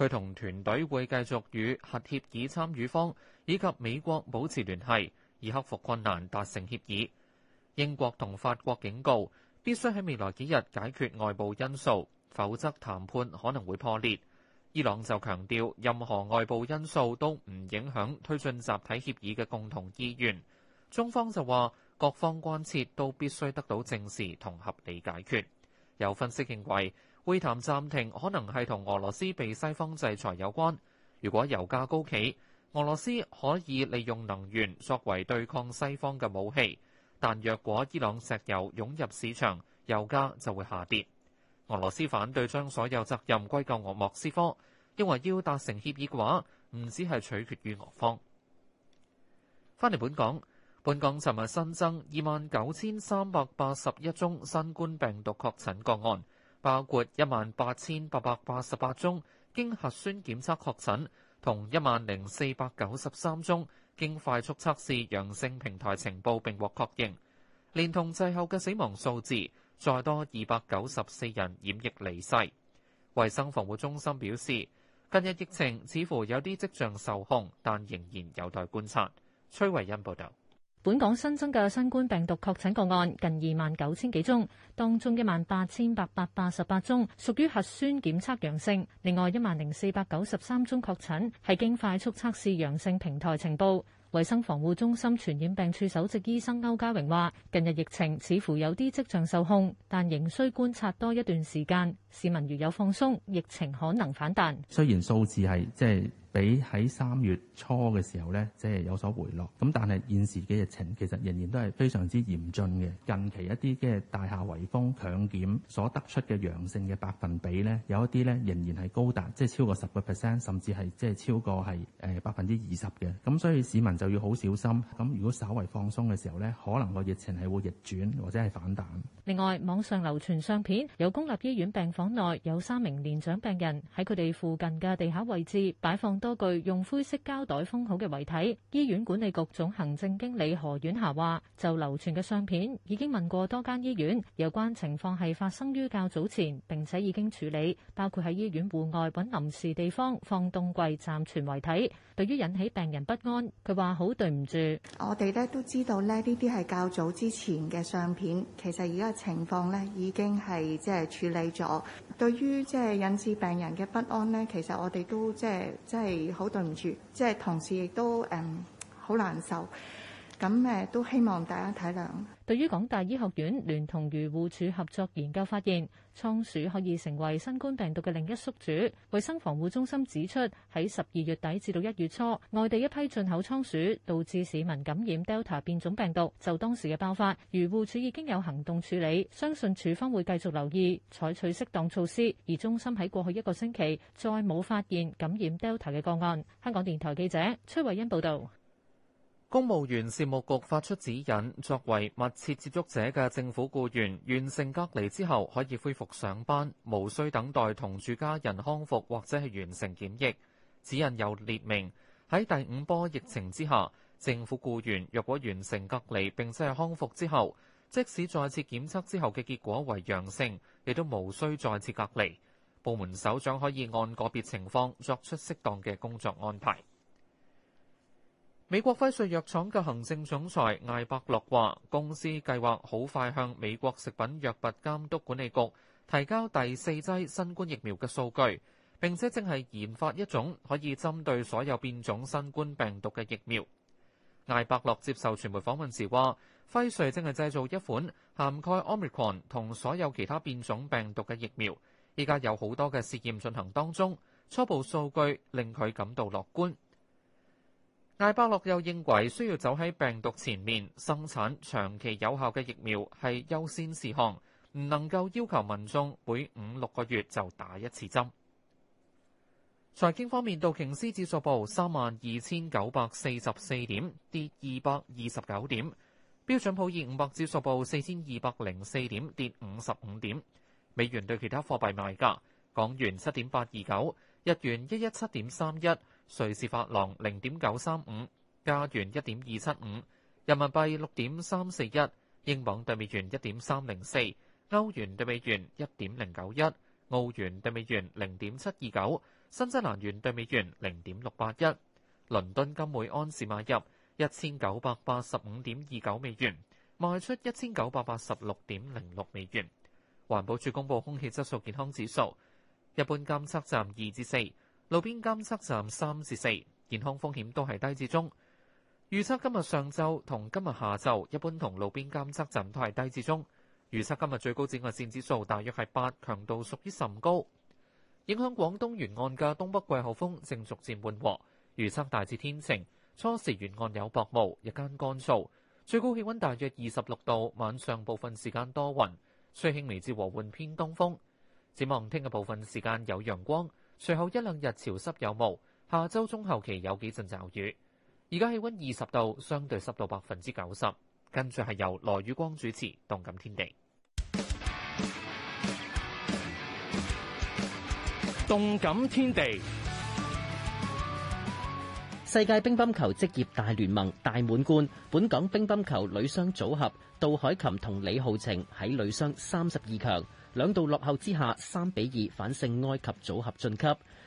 佢同團隊會繼續與核協議參與方以及美國保持聯繫，以克服困難達成協議。英國同法國警告，必須喺未來幾日解決外部因素，否則談判可能會破裂。伊朗就強調，任何外部因素都唔影響推進集體協議嘅共同意願。中方就話，各方關切都必須得到正視同合理解決。有分析認為，會談暫停可能係同俄羅斯被西方制裁有關。如果油價高企，俄羅斯可以利用能源作為對抗西方嘅武器；但若果伊朗石油湧入市場，油價就會下跌。俄羅斯反對將所有責任歸咎俄莫斯科，因為要達成協議嘅話，唔止係取決於俄方。翻嚟本港，本港尋日新增二萬九千三百八十一宗新冠病毒確診個案。包括一萬八千八百八十八宗經核酸檢測確診同一萬零四百九十三宗經快速測試陽性平台情報並獲確認，連同滯後嘅死亡數字，再多二百九十四人染疫離世。衛生防護中心表示，近日疫情似乎有啲跡象受控，但仍然有待觀察。崔慧欣報道。本港新增嘅新冠病毒確診個案近二萬九千幾宗，當中一萬八千八百八十八宗屬於核酸檢測陽性，另外一萬零四百九十三宗確診係經快速測試陽性平台呈報。衛生防護中心傳染病處首席醫生歐家榮話，近日疫情似乎有啲跡象受控，但仍需觀察多一段時間，市民如有放鬆，疫情可能反彈，雖然數字係即係。就是比喺三月初嘅時候呢，即係有所回落。咁但係現時嘅疫情其實仍然都係非常之嚴峻嘅。近期一啲嘅大廈圍封強檢所得出嘅陽性嘅百分比呢，有一啲呢仍然係高達，即係超過十個 percent，甚至係即係超過係誒百分之二十嘅。咁所以市民就要好小心。咁如果稍為放鬆嘅時候呢，可能個疫情係會逆轉或者係反彈。另外，網上流傳相片有公立醫院病房內有三名年長病人喺佢哋附近嘅地下位置擺放。多具用灰色膠袋封好嘅遺體，醫院管理局總行政經理何婉霞話，就流傳嘅相片，已經問過多間醫院，有關情況係發生於較早前，並且已經處理，包括喺醫院戶外揾臨時地方放凍櫃暫存遺體。對於引起病人不安，佢話好對唔住。我哋咧都知道咧，呢啲係較早之前嘅相片，其實而家嘅情況咧已經係即係處理咗。對於即係引致病人嘅不安咧，其實我哋都即係即係。好對唔住，即係同時亦都誒好難受，咁誒都希望大家體諒。對於港大醫學院聯同漁護署合作研究發現，倉鼠可以成為新冠病毒嘅另一宿主。衞生防護中心指出，喺十二月底至到一月初，外地一批進口倉鼠導致市民感染 Delta 變種病毒。就當時嘅爆發，漁護署已經有行動處理，相信處方會繼續留意，採取適當措施。而中心喺過去一個星期再冇發現感染 Delta 嘅個案。香港電台記者崔慧欣報道。公務員事務局發出指引，作為密切接觸者嘅政府僱員，完成隔離之後可以恢復上班，無需等待同住家人康復，或者係完成檢疫。指引又列明，喺第五波疫情之下，政府僱員若果完成隔離並且係康復之後，即使再次檢測之後嘅結果為陽性，亦都無需再次隔離。部門首長可以按個別情況作出適當嘅工作安排。美國輝瑞藥廠嘅行政總裁艾伯樂話，公司計劃好快向美國食品藥物監督管理局提交第四劑新冠疫苗嘅數據，並且正係研發一種可以針對所有變種新冠病毒嘅疫苗。艾伯樂接受傳媒訪問時話，輝瑞正係製造一款涵蓋 Omicron 同所有其他變種病毒嘅疫苗，依家有好多嘅試驗進行當中，初步數據令佢感到樂觀。艾伯樂又認為需要走喺病毒前面，生產長期有效嘅疫苗係優先事項，唔能夠要求民眾每五六個月就打一次針。財經方面，道瓊斯指數報三萬二千九百四十四點，跌二百二十九點；標準普爾五百指數報四千二百零四點，跌五十五點。美元對其他貨幣賣價：港元七點八二九，日元一一七點三一。瑞士法郎零點九三五，加元一點二七五，人民幣六點三四一，英鎊對美元一點三零四，歐元對美元一點零九一，澳元對美元零點七二九，新西蘭元對美元零點六八一。倫敦金每安士買入一千九百八十五點二九美元，賣出一千九百八十六點零六美元。環保署公布空氣質素健康指數，一般監測站二至四。4, 路邊監測站三至四，健康風險都係低至中。預測今日上晝同今日下晝，一般同路邊監測站都係低至中。預測今日最高紫外線指數大約係八，強度屬於甚高。影響廣東沿岸嘅東北季候風正逐漸緩和，預測大致天晴，初時沿岸有薄霧，日間乾燥，最高氣溫大約二十六度，晚上部分時間多雲，吹輕微至和緩偏東風。展望聽日部分時間有陽光。隨後一兩日潮濕有霧，下周中後期有幾陣驟雨。而家氣溫二十度，相對濕度百分之九十。跟住係由羅宇光主持《動感天地》。《動感天地》世界乒乓球職業大聯盟大滿貫，本港乒乓球女雙組合杜海琴同李浩晴喺女雙三十二強。兩度落後之下，三比二反勝埃及組合晉級。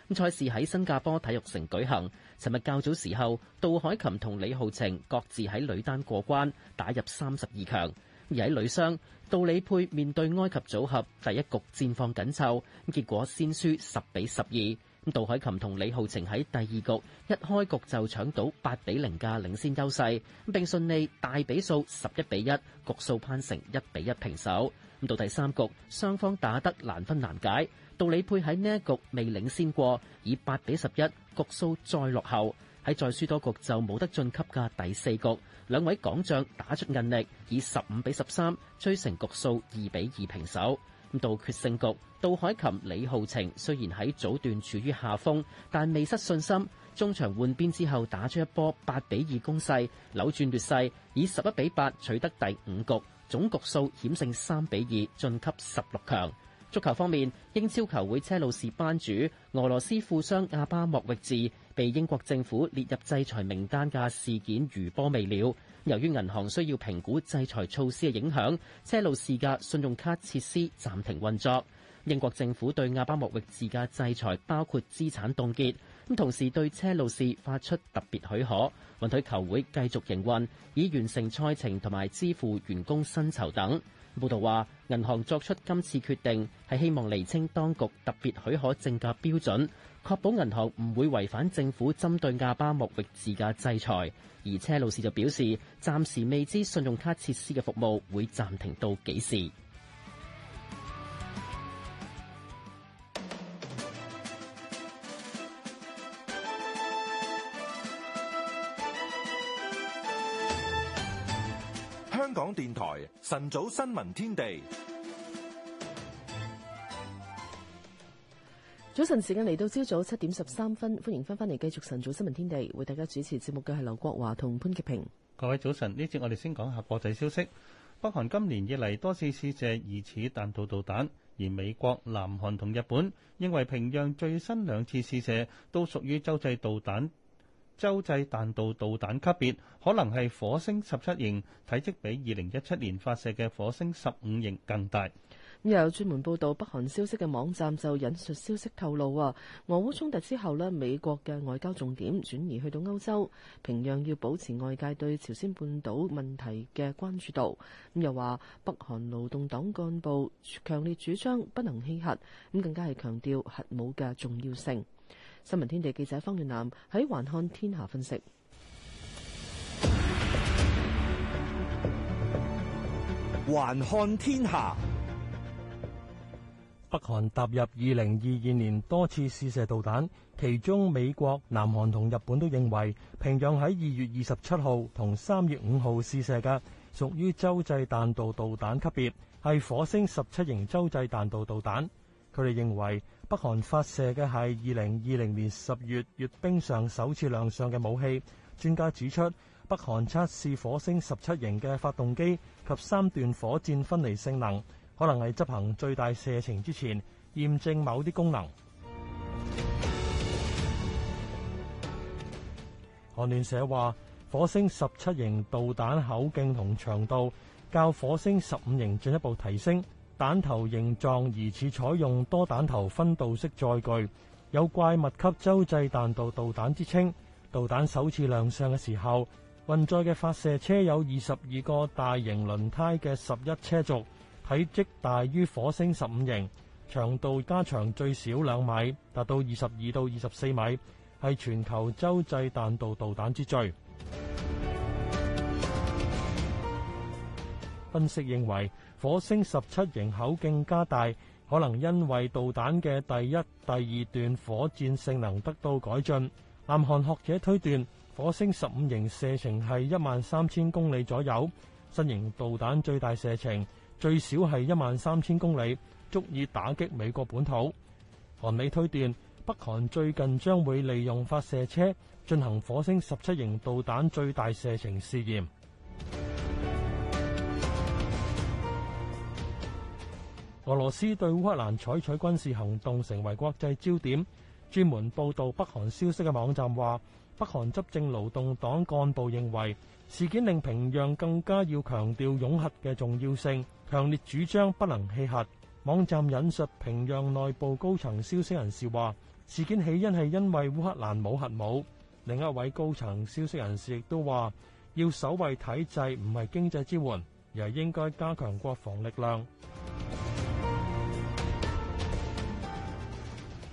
咁賽事喺新加坡體育城舉行。尋日較早時候，杜海琴同李浩晴各自喺女單過關，打入三十二強。而喺女雙，杜李配面對埃及組合，第一局戰況緊湊，咁結果先輸十比十二。杜海琴同李浩晴喺第二局一開局就搶到八比零嘅領先優勢，咁並順利大比數十一比一，局數扳成一比一平手。到第三局，雙方打得難分難解。杜李配喺呢一局未領先過，以八比十一局數再落後。喺再輸多局就冇得晉級嘅第四局，兩位港將打出韌力，以十五比十三追成局數二比二平手。到決勝局，杜凱琹、李皓晴雖然喺早段處於下風，但未失信心。中場換邊之後，打出一波八比二攻勢，扭轉劣勢，以十一比八取得第五局。總局數險勝三比二晉級十六強。足球方面，英超球會車路士班主俄羅斯富商阿巴莫域治被英國政府列入制裁名單嘅事件餘波未了。由於銀行需要評估制裁措施嘅影響，車路士嘅信用卡設施暫停運作。英國政府對阿巴莫域治嘅制裁包括資產凍結。咁同時對車路士發出特別許可，允許球會繼續營運，以完成賽程同埋支付員工薪酬等。報道話，銀行作出今次決定係希望釐清當局特別許可證嘅標準，確保銀行唔會違反政府針對亞巴莫域治嘅制裁。而車路士就表示，暫時未知信用卡設施嘅服務會暫停到幾時。電台晨早新聞天地，早晨時間嚟到朝早七點十三分，歡迎翻返嚟繼續晨早新聞天地，為大家主持節目嘅係劉國華同潘潔平。各位早晨，呢節我哋先講下國際消息。北韓今年以嚟多次試射疑似彈道導彈，而美國、南韓同日本認為平壤最新兩次試射都屬於洲際導彈。洲際彈道導彈級別可能係火星十七型，體積比二零一七年發射嘅火星十五型更大。又有專門報導北韓消息嘅網站就引述消息透露話，俄烏衝突之後咧，美國嘅外交重點轉移去到歐洲，平壤要保持外界對朝鮮半島問題嘅關注度。咁又話北韓勞動黨幹部強烈主張不能棄核，咁更加係強調核武嘅重要性。新聞天地記者方月南喺《環看天下》分析，《環看天下》北韓踏入二零二二年多次試射導彈，其中美國、南韓同日本都認為平壤喺二月二十七號同三月五號試射嘅，屬於洲際彈道導彈級別，係火星十七型洲際彈道導彈。佢哋認為。北韓發射嘅係二零二零年十月閱兵上首次亮相嘅武器。專家指出，北韓測試火星十七型嘅發動機及三段火箭分離性能，可能係執行最大射程之前驗證某啲功能。韓聯 社話，火星十七型導彈口徑同長度較火星十五型進一步提升。彈頭形狀疑似採用多彈頭分導式載具，有怪物級洲際彈道導彈之稱。導彈首次亮相嘅時候，運載嘅發射車有二十二個大型輪胎嘅十一車軸，體積大於火星十五型，長度加長最少兩米，達到二十二到二十四米，係全球洲際彈道導彈之最。 分析認為，火星十七型口徑加大，可能因為導彈嘅第一、第二段火箭性能得到改進。南韓學者推斷，火星十五型射程係一萬三千公里左右，新型導彈最大射程最少係一萬三千公里，足以打擊美國本土。韓美推斷，北韓最近將會利用發射車進行火星十七型導彈最大射程試驗。俄羅斯對烏克蘭採取軍事行動成為國際焦點。專門報道北韓消息嘅網站話，北韓執政勞動黨幹部認為事件令平壤更加要強調擁核嘅重要性，強烈主張不能棄核。網站引述平壤內部高層消息人士話，事件起因係因為烏克蘭冇核武。另一位高層消息人士亦都話，要守衛體制唔係經濟支援，而係應該加強國防力量。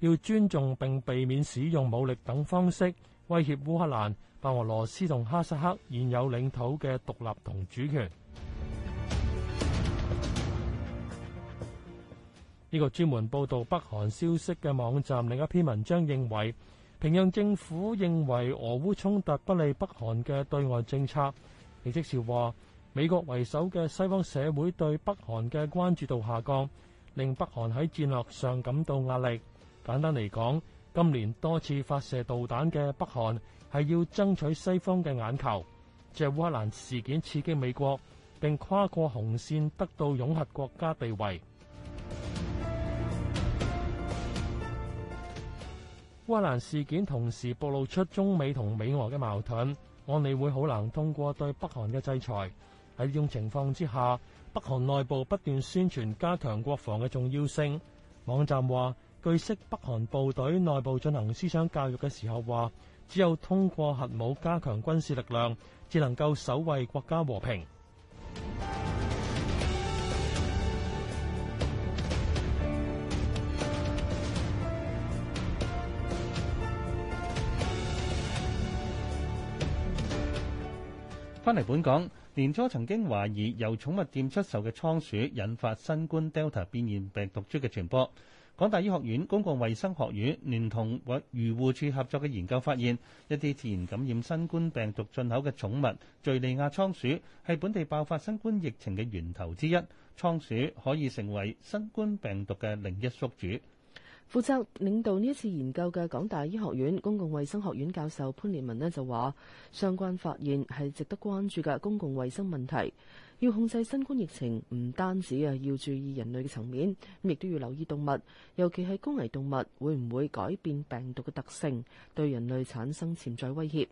要尊重並避免使用武力等方式威脅烏克蘭，白俄羅斯同哈薩克現有領土嘅獨立同主權。呢 個專門報道北韓消息嘅網站另一篇文章認為平壤政府認為俄烏衝突不利北韓嘅對外政策。亦即是話美國為首嘅西方社會對北韓嘅關注度下降，令北韓喺戰略上感到壓力。簡單嚟講，今年多次發射導彈嘅北韓係要爭取西方嘅眼球。借、就是、烏克蘭事件刺激美國，並跨過紅線得到擁核國家地位。 烏克蘭事件同時暴露出中美同美俄嘅矛盾。安理會好難通過對北韓嘅制裁。喺呢種情況之下，北韓內部不斷宣傳加強國防嘅重要性。網站話：據悉，北韓部隊內部進行思想教育嘅時候，話只有通過核武加強軍事力量，至能夠守衛國家和平。翻嚟本港，年初曾經懷疑由寵物店出售嘅倉鼠引發新冠 Delta 變現病毒株嘅傳播。港大醫學院公共衛生學院聯同漁護署合作嘅研究發現，一啲自然感染新冠病毒進口嘅寵物——敘利亞倉鼠，係本地爆發新冠疫情嘅源頭之一。倉鼠可以成為新冠病毒嘅另一宿主。負責領導呢一次研究嘅港大醫學院公共衛生學院教授潘連文呢，就話：相關發現係值得關注嘅公共衛生問題。要控制新冠疫情，唔單止啊，要注意人類嘅層面，亦都要留意動物，尤其係高危動物會唔會改變病毒嘅特性，對人類產生潛在威脅。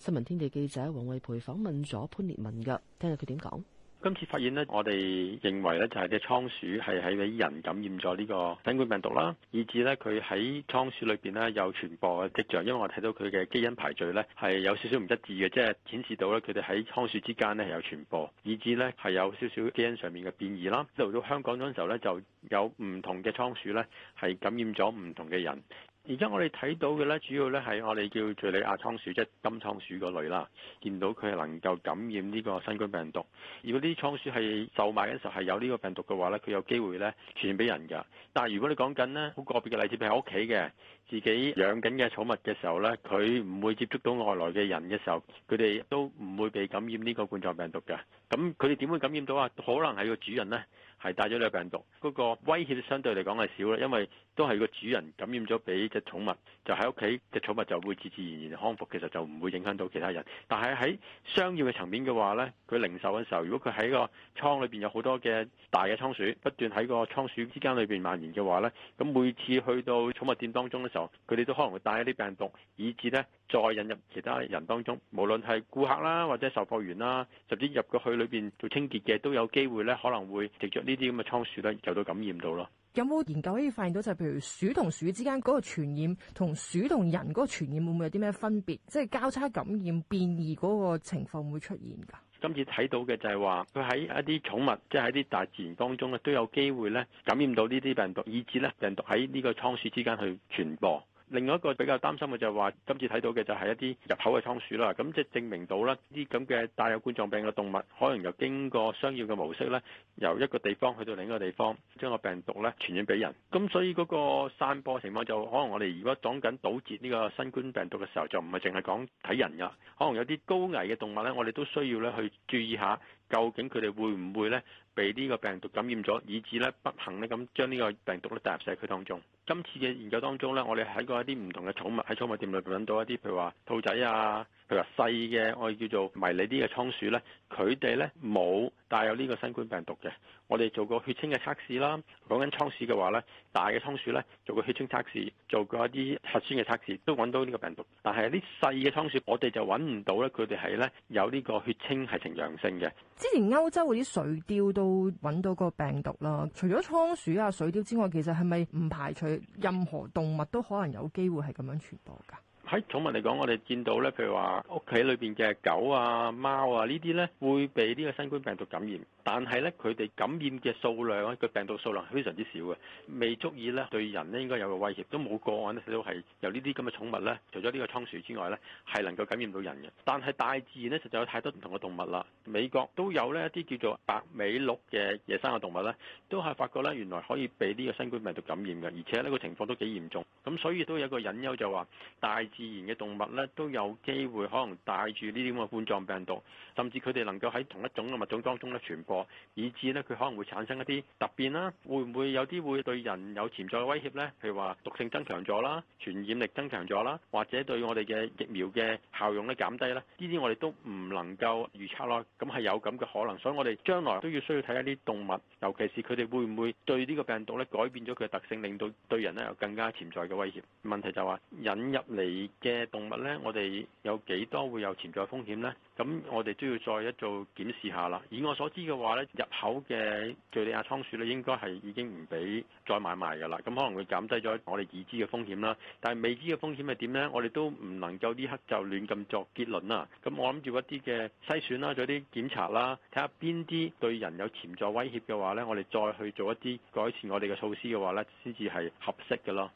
新聞天地記者黃惠培訪問咗潘烈文噶，聽下佢點講？今次發現呢，我哋認為呢就係隻倉鼠係喺畀人感染咗呢個新冠病毒啦，以至呢，佢喺倉鼠裏邊呢有傳播嘅跡象，因為我睇到佢嘅基因排序呢係有少少唔一致嘅，即係顯示到咧佢哋喺倉鼠之間呢係有傳播，以至呢係有少少基因上面嘅變異啦。到到香港嗰陣時候呢，就有唔同嘅倉鼠呢係感染咗唔同嘅人。而家我哋睇到嘅咧，主要咧係我哋叫敘利亞倉鼠，即係金倉鼠嗰類啦，見到佢係能夠感染呢個新冠病毒。如果啲倉鼠係售賣嘅時候係有呢個病毒嘅話咧，佢有機會咧傳俾人㗎。但係如果你講緊呢好個別嘅例子，譬如喺屋企嘅自己養緊嘅寵物嘅時候咧，佢唔會接觸到外來嘅人嘅時候，佢哋都唔會被感染呢個冠狀病毒㗎。咁佢哋點會感染到啊？可能係個主人呢。係帶咗呢個病毒，嗰個威脅相對嚟講係少啦，因為都係個主人感染咗畀隻寵物，就喺屋企隻寵物就會自自然然康復，其實就唔會影響到其他人。但係喺商業嘅層面嘅話呢，佢零售嘅時候，如果佢喺個倉裏邊有好多嘅大嘅倉鼠，不斷喺個倉鼠之間裏邊蔓延嘅話呢，咁每次去到寵物店當中嘅時候，佢哋都可能會帶一啲病毒，以致呢再引入其他人當中，無論係顧客啦，或者售貨員啦，甚至入過去裏邊做清潔嘅都有機會呢，可能會接觸。呢啲咁嘅倉鼠咧，就都感染到咯。有冇研究可以發現到，就係譬如鼠同鼠之間嗰個傳染，同鼠同人嗰個傳染，會唔會有啲咩分別？即係交叉感染、變異嗰個情況會出現㗎？今次睇到嘅就係話，佢喺一啲寵物，即係喺啲大自然當中咧，都有機會咧感染到呢啲病毒，以致咧病毒喺呢個倉鼠之間去傳播。另外一個比較擔心嘅就係話，今次睇到嘅就係一啲入口嘅倉鼠啦，咁即係證明到啦，呢啲咁嘅帶有冠狀病嘅動物，可能又經過商業嘅模式呢，由一個地方去到另一個地方，將個病毒呢傳染俾人。咁所以嗰個散播情況就可能我哋如果講緊堵截呢個新冠病毒嘅時候，就唔係淨係講睇人㗎，可能有啲高危嘅動物呢，我哋都需要咧去注意下。究竟佢哋會唔會呢，被呢個病毒感染咗，以致呢不幸呢，咁將呢個病毒呢，帶入社區當中。今次嘅研究當中呢，我哋喺過一啲唔同嘅寵物喺寵物店裏面搵到一啲，譬如話兔仔啊，譬如話細嘅，我哋叫做迷你啲嘅倉鼠呢，佢哋呢冇帶有呢個新冠病毒嘅。我哋做個血清嘅測試啦，講緊倉鼠嘅話呢，大嘅倉鼠呢，做個血清測試，做過一啲核酸嘅測試，都揾到呢個病毒。但係呢細嘅倉鼠，我哋就揾唔到呢佢哋係呢，有呢個血清係呈陽性嘅。之前歐洲嗰啲水貂都揾到個病毒啦，除咗倉鼠啊、水貂之外，其實係咪唔排除任何動物都可能有機會係咁樣傳播㗎？喺寵物嚟講，我哋見到咧，譬如話屋企裏邊嘅狗啊、貓啊呢啲咧，會被呢個新冠病毒感染，但係咧佢哋感染嘅數量，個病毒數量非常之少嘅，未足以咧對人咧應該有個威脅，都冇個案咧睇到係由呢啲咁嘅寵物咧，除咗呢個倉鼠之外咧，係能夠感染到人嘅。但係大自然咧，實在有太多唔同嘅動物啦。美國都有呢一啲叫做白尾鹿嘅野生嘅動物咧，都係發覺咧原來可以被呢個新冠病毒感染嘅，而且呢個情況都幾嚴重。咁所以都有一個隱憂就話大自然嘅動物咧都有機會可能帶住呢啲咁嘅冠狀病毒，甚至佢哋能夠喺同一種嘅物種當中咧傳播，以致咧佢可能會產生一啲突變啦。會唔會有啲會對人有潛在嘅威脅呢？譬如話毒性增強咗啦，傳染力增強咗啦，或者對我哋嘅疫苗嘅效用咧減低啦。呢啲我哋都唔能夠預測咯。咁係有咁嘅可能，所以我哋將來都要需要睇一啲動物，尤其是佢哋會唔會對呢個病毒咧改變咗佢嘅特性，令到對人咧有更加潛在嘅威脅。問題就係話，引入嚟。嘅動物呢，我哋有幾多會有潛在風險呢？咁我哋都要再一做檢視下啦。以我所知嘅話呢，入口嘅敍利亞倉鼠呢，應該係已經唔俾再買賣噶啦。咁可能會減低咗我哋已知嘅風險啦。但係未知嘅風險係點呢？我哋都唔能夠呢刻就亂咁作結論啦。咁我諗住一啲嘅篩選啦，做一啲檢查啦，睇下邊啲對人有潛在威脅嘅話呢，我哋再去做一啲改善我哋嘅措施嘅話呢，先至係合適嘅咯。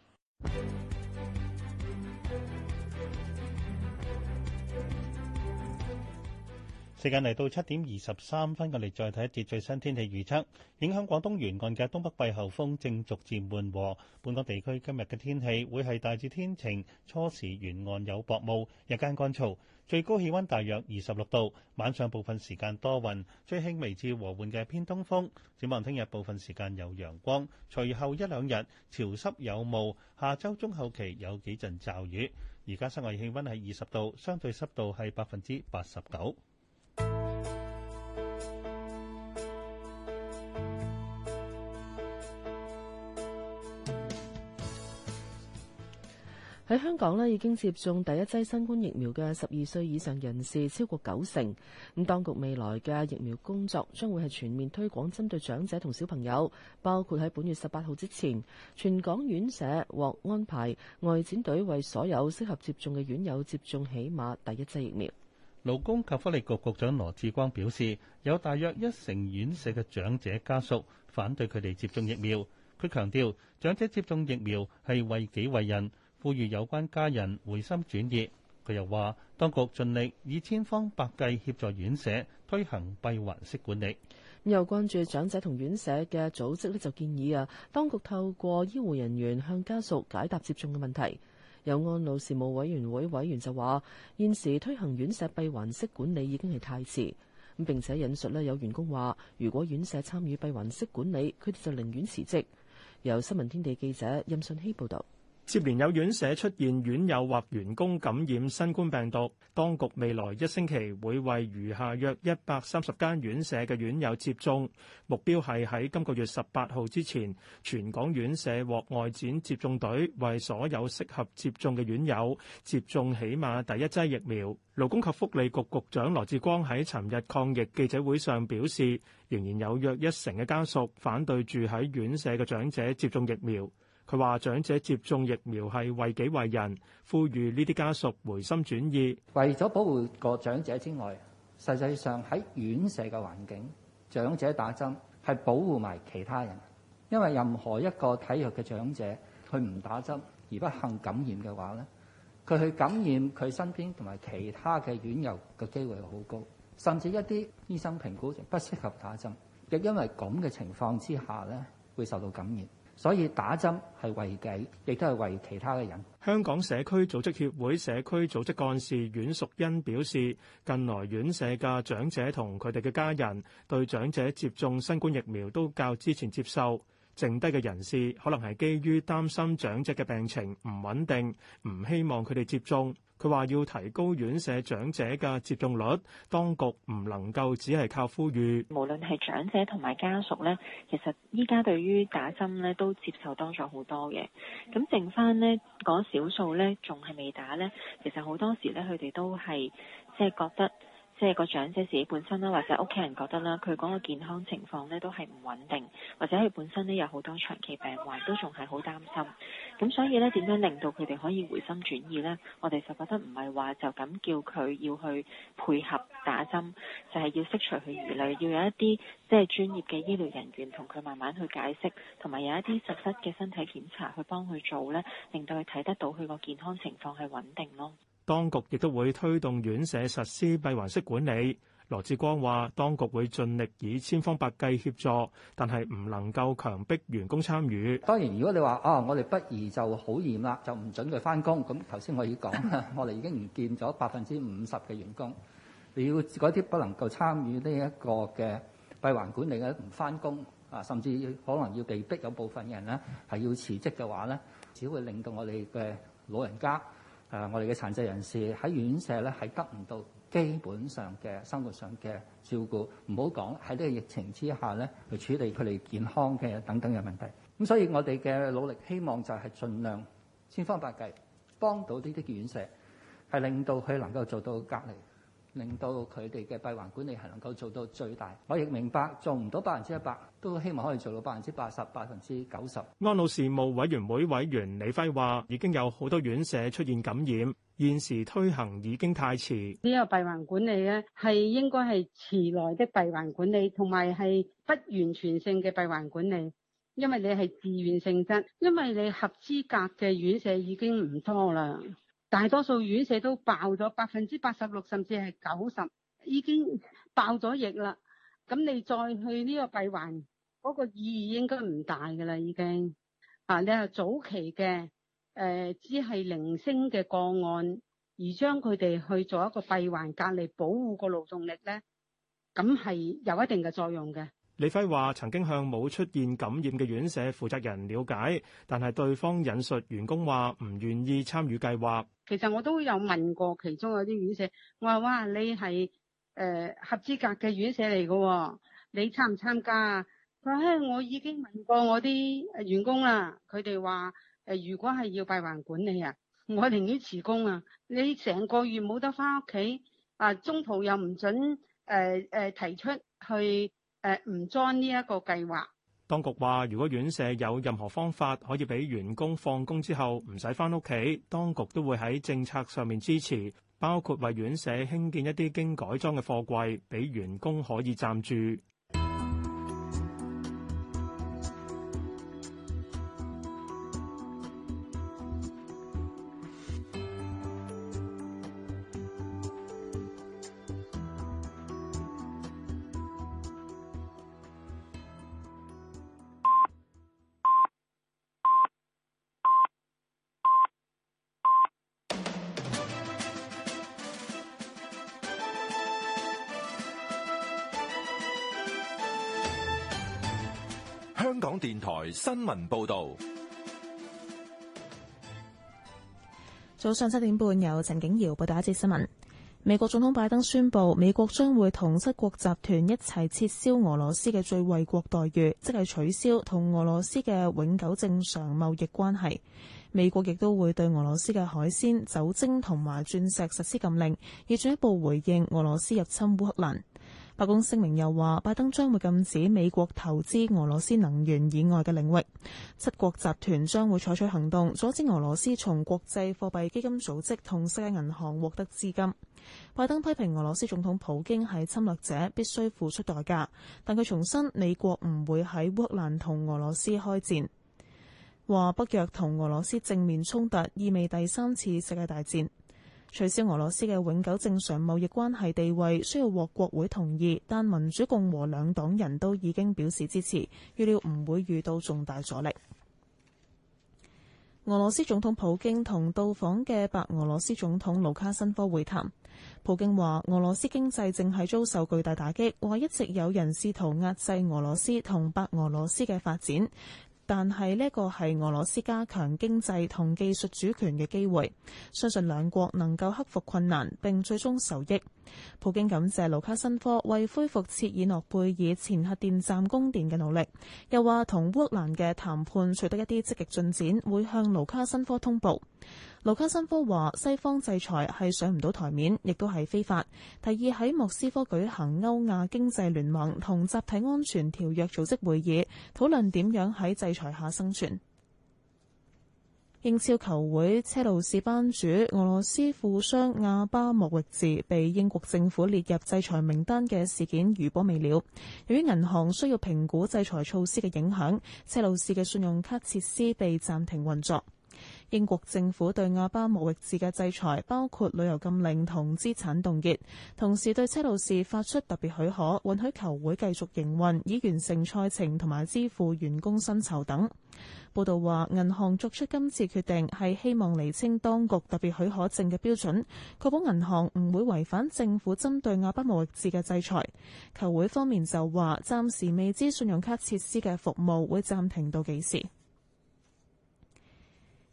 時間嚟到七點二十三分，我哋再睇一節最新天氣預測。影響廣東沿岸嘅東北季候風正逐漸緩和，本港地區今日嘅天氣會係大致天晴，初時沿岸有薄霧，日間乾燥，最高氣温大約二十六度。晚上部分時間多雲，吹輕微至和緩嘅偏東風。展望聽日部分時間有陽光，隨後一兩日潮濕有霧，下周中後期有幾陣驟雨。而家室外氣温係二十度，相對濕度係百分之八十九。香港呢已經接種第一劑新冠疫苗嘅十二歲以上人士超過九成。咁，當局未來嘅疫苗工作將會係全面推廣針對長者同小朋友，包括喺本月十八號之前，全港院舍獲安排外展隊為所有適合接種嘅院友接種起碼第一劑疫苗。勞工及福利局局，局長羅致光表示，有大約一成院舍嘅長者家屬反對佢哋接種疫苗。佢強調，長者接種疫苗係為己為人。呼籲有關家人回心轉意。佢又話，當局盡力以千方百計協助院舍推行閉環式管理。又關注長者同院舍嘅組織呢就建議啊，當局透過醫護人員向家屬解答接種嘅問題。有安老事務委員會委員就話，現時推行院舍閉環式管理已經係太遲咁。並且引述呢，有員工話，如果院舍參與閉環式管理，佢哋就寧願辭職。由新聞天地記者任信希報導。接連有院舍出現院友或員工感染新冠病毒，當局未來一星期會為餘下約一百三十間院舍嘅院友接種，目標係喺今個月十八號之前，全港院舍獲外展接種隊為所有適合接種嘅院友接種起碼第一劑疫苗。勞工及福利局局長羅致光喺尋日抗疫記者會上表示，仍然有約一成嘅家屬反對住喺院舍嘅長者接種疫苗。佢話長者接種疫苗係為己為人，呼籲呢啲家屬回心轉意。為咗保護個長者之外，實際上喺院舍嘅環境，長者打針係保護埋其他人。因為任何一個體弱嘅長者，佢唔打針而不幸感染嘅話咧，佢去感染佢身邊同埋其他嘅院友嘅機會好高。甚至一啲醫生評估不適合打針，亦因為咁嘅情況之下咧，會受到感染。所以打針係為己，亦都係為其他嘅人。香港社區組織協會社區組織幹事阮淑欣表示，近來院舍嘅長者同佢哋嘅家人對長者接種新冠疫苗都較之前接受。剩低嘅人士可能係基於擔心長者嘅病情唔穩定，唔希望佢哋接種。佢話要提高院舍長者嘅接種率，當局唔能夠只係靠呼籲。無論係長者同埋家屬咧，其實依家對於打針咧都接受多咗好多嘅。咁剩翻呢嗰少數咧仲係未打咧，其實好多時咧佢哋都係即係覺得。即係個長者自己本身啦，或者屋企人覺得啦，佢嗰個健康情況咧都係唔穩定，或者佢本身咧有好多長期病患，都仲係好擔心。咁所以咧，點樣令到佢哋可以回心轉意呢？我哋就覺得唔係話就咁叫佢要去配合打針，就係、是、要釋除去疑慮，要有一啲即係專業嘅醫療人員同佢慢慢去解釋，同埋有一啲實質嘅身體檢查去幫佢做呢，令到佢睇得到佢個健康情況係穩定咯。當局亦都會推動院舍實施閉環式管理。羅致光話：當局會盡力以千方百計協助，但係唔能夠強迫員工參與。當然，如果你話啊，我哋不宜就好嚴啦，就唔準佢翻工。咁頭先我已經講，我哋已經唔見咗百分之五十嘅員工。你要嗰啲不能夠參與呢一個嘅閉環管理嘅唔翻工，啊，甚至可能要被逼有部分人咧係要辭職嘅話咧，只會令到我哋嘅老人家。誒，我哋嘅殘疾人士喺院舍咧，係得唔到基本上嘅生活上嘅照顧，唔好講喺呢個疫情之下咧，去處理佢哋健康嘅等等嘅問題。咁所以，我哋嘅努力希望就係盡量千方百計幫到呢啲院舍，係令到佢能夠做到隔離。令到佢哋嘅閉環管理係能夠做到最大。我亦明白做唔到百分之一百，都希望可以做到百分之八十、百分之九十。安老事務委員會委員李輝話：已經有好多院舍出現感染，現時推行已經太遲。呢個閉環管理咧，係應該係遲來的閉環管理，同埋係不完全性嘅閉環管理，因為你係自願性質，因為你合資格嘅院舍已經唔多啦。大多數院舍都爆咗百分之八十六，甚至係九十，已經爆咗疫啦。咁你再去呢個閉環，嗰個意義應該唔大㗎喇，已經。啊，你係早期嘅，誒、呃、只係零星嘅個案，而將佢哋去做一個閉環隔離，保護個勞動力咧，咁係有一定嘅作用嘅。李輝話：曾經向冇出現感染嘅院舍負責人了解，但係對方引述員工話唔願意參與計劃。其實我都有問過其中有啲院舍，我話：哇，你係誒、呃、合資格嘅院舍嚟㗎，哦，你參唔參加啊？佢：，唉、哎，我已經問過我啲員工啦，佢哋話：誒、呃，如果係要閉環管理啊，我寧願辭工啊，你成個月冇得翻屋企，啊，中途又唔准誒誒、呃呃、提出去。誒，唔 join 呢一個計劃。當局話，如果院舍有任何方法可以俾員工放工之後唔使翻屋企，當局都會喺政策上面支持，包括為院舍興建一啲經改裝嘅貨櫃，俾員工可以暫住。新聞報道，早上七點半由陳景堯報道一節新聞。美國總統拜登宣布，美國將會同七國集團一齊撤銷俄羅斯嘅最惠國待遇，即係取消同俄羅斯嘅永久正常貿易關係。美國亦都會對俄羅斯嘅海鮮、酒精同埋鑽石實施禁令，以進一步回應俄羅斯入侵烏克蘭。白宮聲明又話，拜登將會禁止美國投資俄羅斯能源以外嘅領域。七國集團將會採取行動，阻止俄羅斯從國際貨幣基金組織同世界銀行獲得資金。拜登批評俄羅斯總統普京係侵略者，必須付出代價。但佢重申，美國唔會喺烏克蘭同俄羅斯開戰。話北約同俄羅斯正面衝突意味第三次世界大戰。取消俄羅斯嘅永久正常貿易關係地位需要獲國會同意，但民主共和兩黨人都已經表示支持，預料唔會遇到重大阻力。俄羅斯總統普京同到訪嘅白俄羅斯總統盧卡申科會談，普京話俄羅斯經濟正係遭受巨大打擊，話一直有人試圖壓制俄羅斯同白俄羅斯嘅發展。但係呢個係俄羅斯加強經濟同技術主權嘅機會，相信兩國能夠克服困難並最終受益。普京感謝盧卡申科為恢復切爾諾貝爾前核電站供電嘅努力，又話同烏克蘭嘅談判取得一啲積極進展，會向盧卡申科通報。盧卡申科話：西方制裁係上唔到台面，亦都係非法。提議喺莫斯科舉行歐亞經濟聯盟同集體安全條約組織會議，討論點樣喺制裁下生存。英超球會車路士班主、俄羅斯富商亞巴莫域治被英國政府列入制裁名單嘅事件餘波未了。由於銀行需要評估制裁措施嘅影響，車路士嘅信用卡設施被暫停運作。英國政府對亞巴慕域治嘅制裁包括旅遊禁令同資產凍結，同時對車路士發出特別許可，允許球會繼續營運，以完成賽程同埋支付員工薪酬等。報道話，銀行作出今次決定係希望釐清當局特別許可證嘅標準，確保銀行唔會違反政府針對亞巴慕域治嘅制裁。球會方面就話，暫時未知信用卡設施嘅服務會暫停到幾時。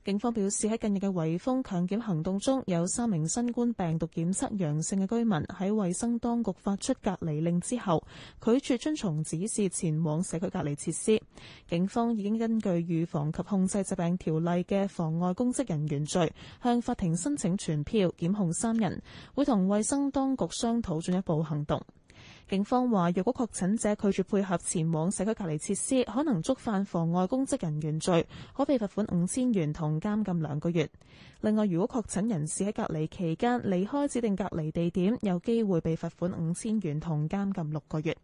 警方表示，喺近日嘅圍封強檢行動中，有三名新冠病毒檢測陽性嘅居民喺衛生當局發出隔離令之後，拒絕遵從指示前往社區隔離設施。警方已經根據《預防及控制疾病條例》嘅妨礙公職人員罪，向法庭申請傳票檢控三人，會同衛生當局商討進一步行動。警方話，若果確診者拒絕配合前往社區隔離設施，可能觸犯妨礙公職人員罪，可被罰款五千元同監禁兩個月。另外，如果確診人士喺隔離期間離開指定隔離地點，有機會被罰款五千元同監禁六個月。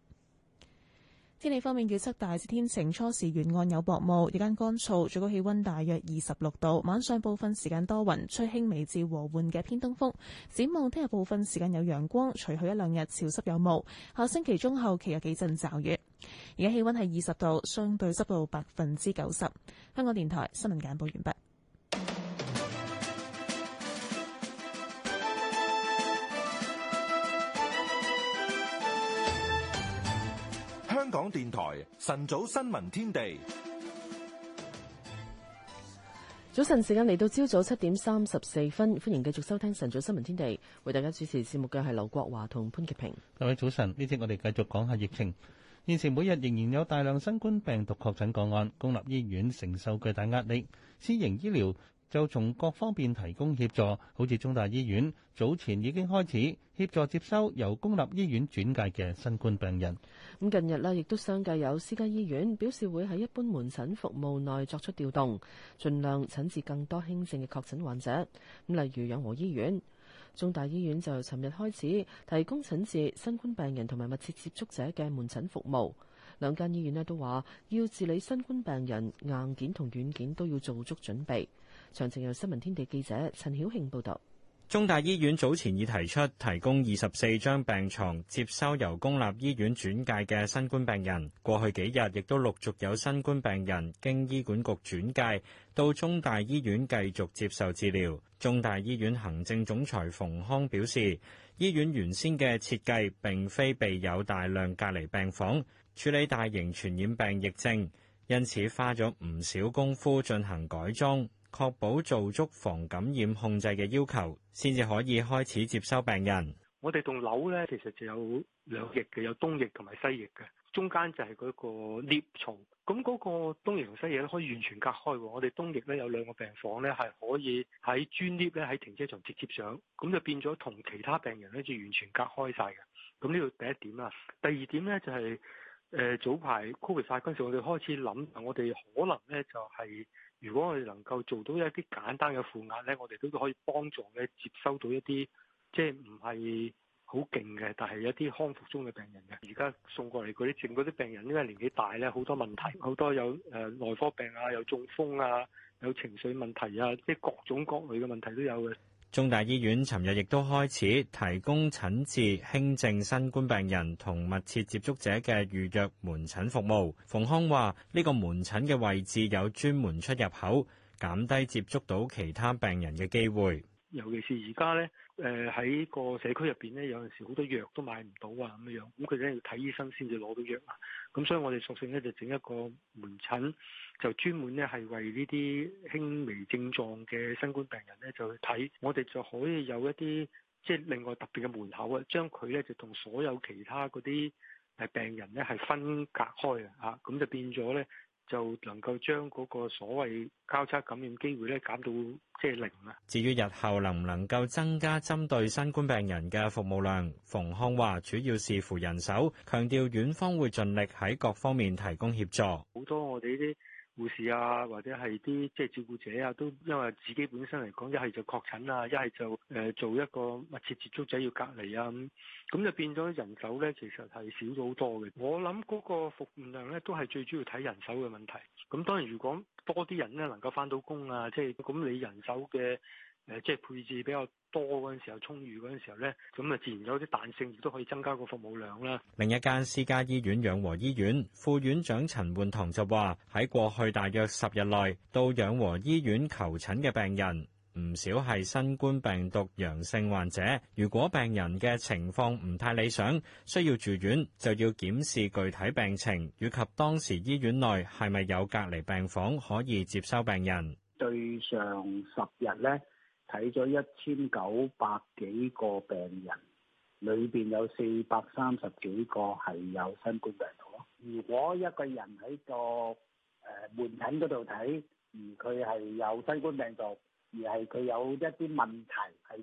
天氣方面，預測大致天晴，初時沿岸有薄霧，日間乾燥，最高氣溫大約二十六度。晚上部分時間多雲，吹輕微至和緩嘅偏東風。展望聽日部分時間有陽光，隨後一兩日潮濕有霧。下星期中後期有幾陣驟雨。而家氣溫係二十度，相對濕度百分之九十。香港電台新聞簡報完畢。香港電台晨早新聞天地，早晨時間嚟到朝早七點三十四分，歡迎繼續收聽晨早新聞天地，為大家主持節目嘅係劉國華同潘潔平。各位早晨，呢天我哋繼續講下疫情。現時每日仍然有大量新冠病毒確診個案，公立醫院承受巨大壓力，私營醫療。就從各方面提供協助，好似中大醫院早前已經開始協助接收由公立醫院轉介嘅新冠病人。咁近日咧，亦都相繼有私家醫院表示會喺一般門診服務內作出調動，盡量診治更多輕症嘅確診患者。咁例如養和醫院、中大醫院就尋日開始提供診治新冠病人同埋密切接觸者嘅門診服務。兩間醫院咧都話要治理新冠病人，硬件同軟件都要做足準備。詳情有新聞天地記者陳曉慶報道，中大醫院早前已提出提供二十四張病床接收由公立醫院轉介嘅新冠病人。過去幾日亦都陸續有新冠病人經醫管局轉介到中大醫院繼續接受治療。中大醫院行政總裁馮康表示，醫院原先嘅設計並非備有大量隔離病房處理大型傳染病疫症，因此花咗唔少功夫進行改裝。確保做足防感染控制嘅要求，先至可以開始接收病人。我哋棟樓咧，其實就有兩翼嘅，有東翼同埋西翼嘅，中間就係嗰個 lift 槽。咁嗰個東翼同西翼咧可以完全隔開。我哋東翼咧有兩個病房咧，係可以喺專 lift 咧喺停車場直接上，咁就變咗同其他病人咧就完全隔開晒嘅。咁呢度第一點啦。第二點咧就係、是、誒、呃、早排 COVID 嗰時，我哋開始諗，我哋可能咧就係、是。如果我哋能夠做到一啲簡單嘅負壓呢，我哋都可以幫助呢，接收到一啲即係，唔係好勁嘅，但係一啲康復中嘅病人嘅。而家送過嚟嗰啲症，嗰啲病人，因為年紀大呢，好多問題，好多有誒內科病啊，有中風啊，有情緒問題啊，即係各種各類嘅問題都有嘅。中大醫院尋日亦都開始提供診治輕症新冠病人同密切接觸者嘅預約門診服務。馮康話：呢個門診嘅位置有專門出入口，減低接觸到其他病人嘅機會。尤其是而家呢。誒，喺、呃、個社區入邊咧，有陣時好多藥都買唔到啊，咁樣樣，咁佢哋要睇醫生先至攞到藥啊。咁所以我，我哋索性咧就整一個門診，就專門咧係為呢啲輕微症狀嘅新冠病人咧就去睇。我哋就可以有一啲即係另外特別嘅門口啊，將佢咧就同所有其他嗰啲誒病人咧係分隔開啊。吓，咁就變咗咧。就能夠將嗰個所謂交叉感染機會咧減到即係、就是、零啦。至於日後能唔能夠增加針對新冠病人嘅服務量，馮康話主要視乎人手，強調院方會盡力喺各方面提供協助。好多我哋啲。護士啊，或者係啲即係照顧者啊，都因為自己本身嚟講，一係就確診啊，一係就誒、呃、做一個密切接觸者要隔離啊，咁咁就變咗人手呢，其實係少咗好多嘅。我諗嗰個服務量呢，都係最主要睇人手嘅問題。咁當然，如果多啲人呢，能夠返到工啊，即係咁你人手嘅。誒，即係配置比較多嗰陣時候，充裕嗰陣時候咧，咁啊，自然有啲彈性，亦都可以增加個服務量啦。另一間私家醫院養和醫院副院長陳煥堂就話喺過去大約十日內到養和醫院求診嘅病人唔少係新冠病毒陽性患者。如果病人嘅情況唔太理想，需要住院，就要檢視具體病情以及當時醫院內係咪有隔離病房可以接收病人。對上十日咧，睇咗一千九百幾個病人，裏邊有四百三十幾個係有新冠病毒咯。如果一個人喺個誒、呃、門診嗰度睇，而佢係有新冠病毒，而係佢有一啲問題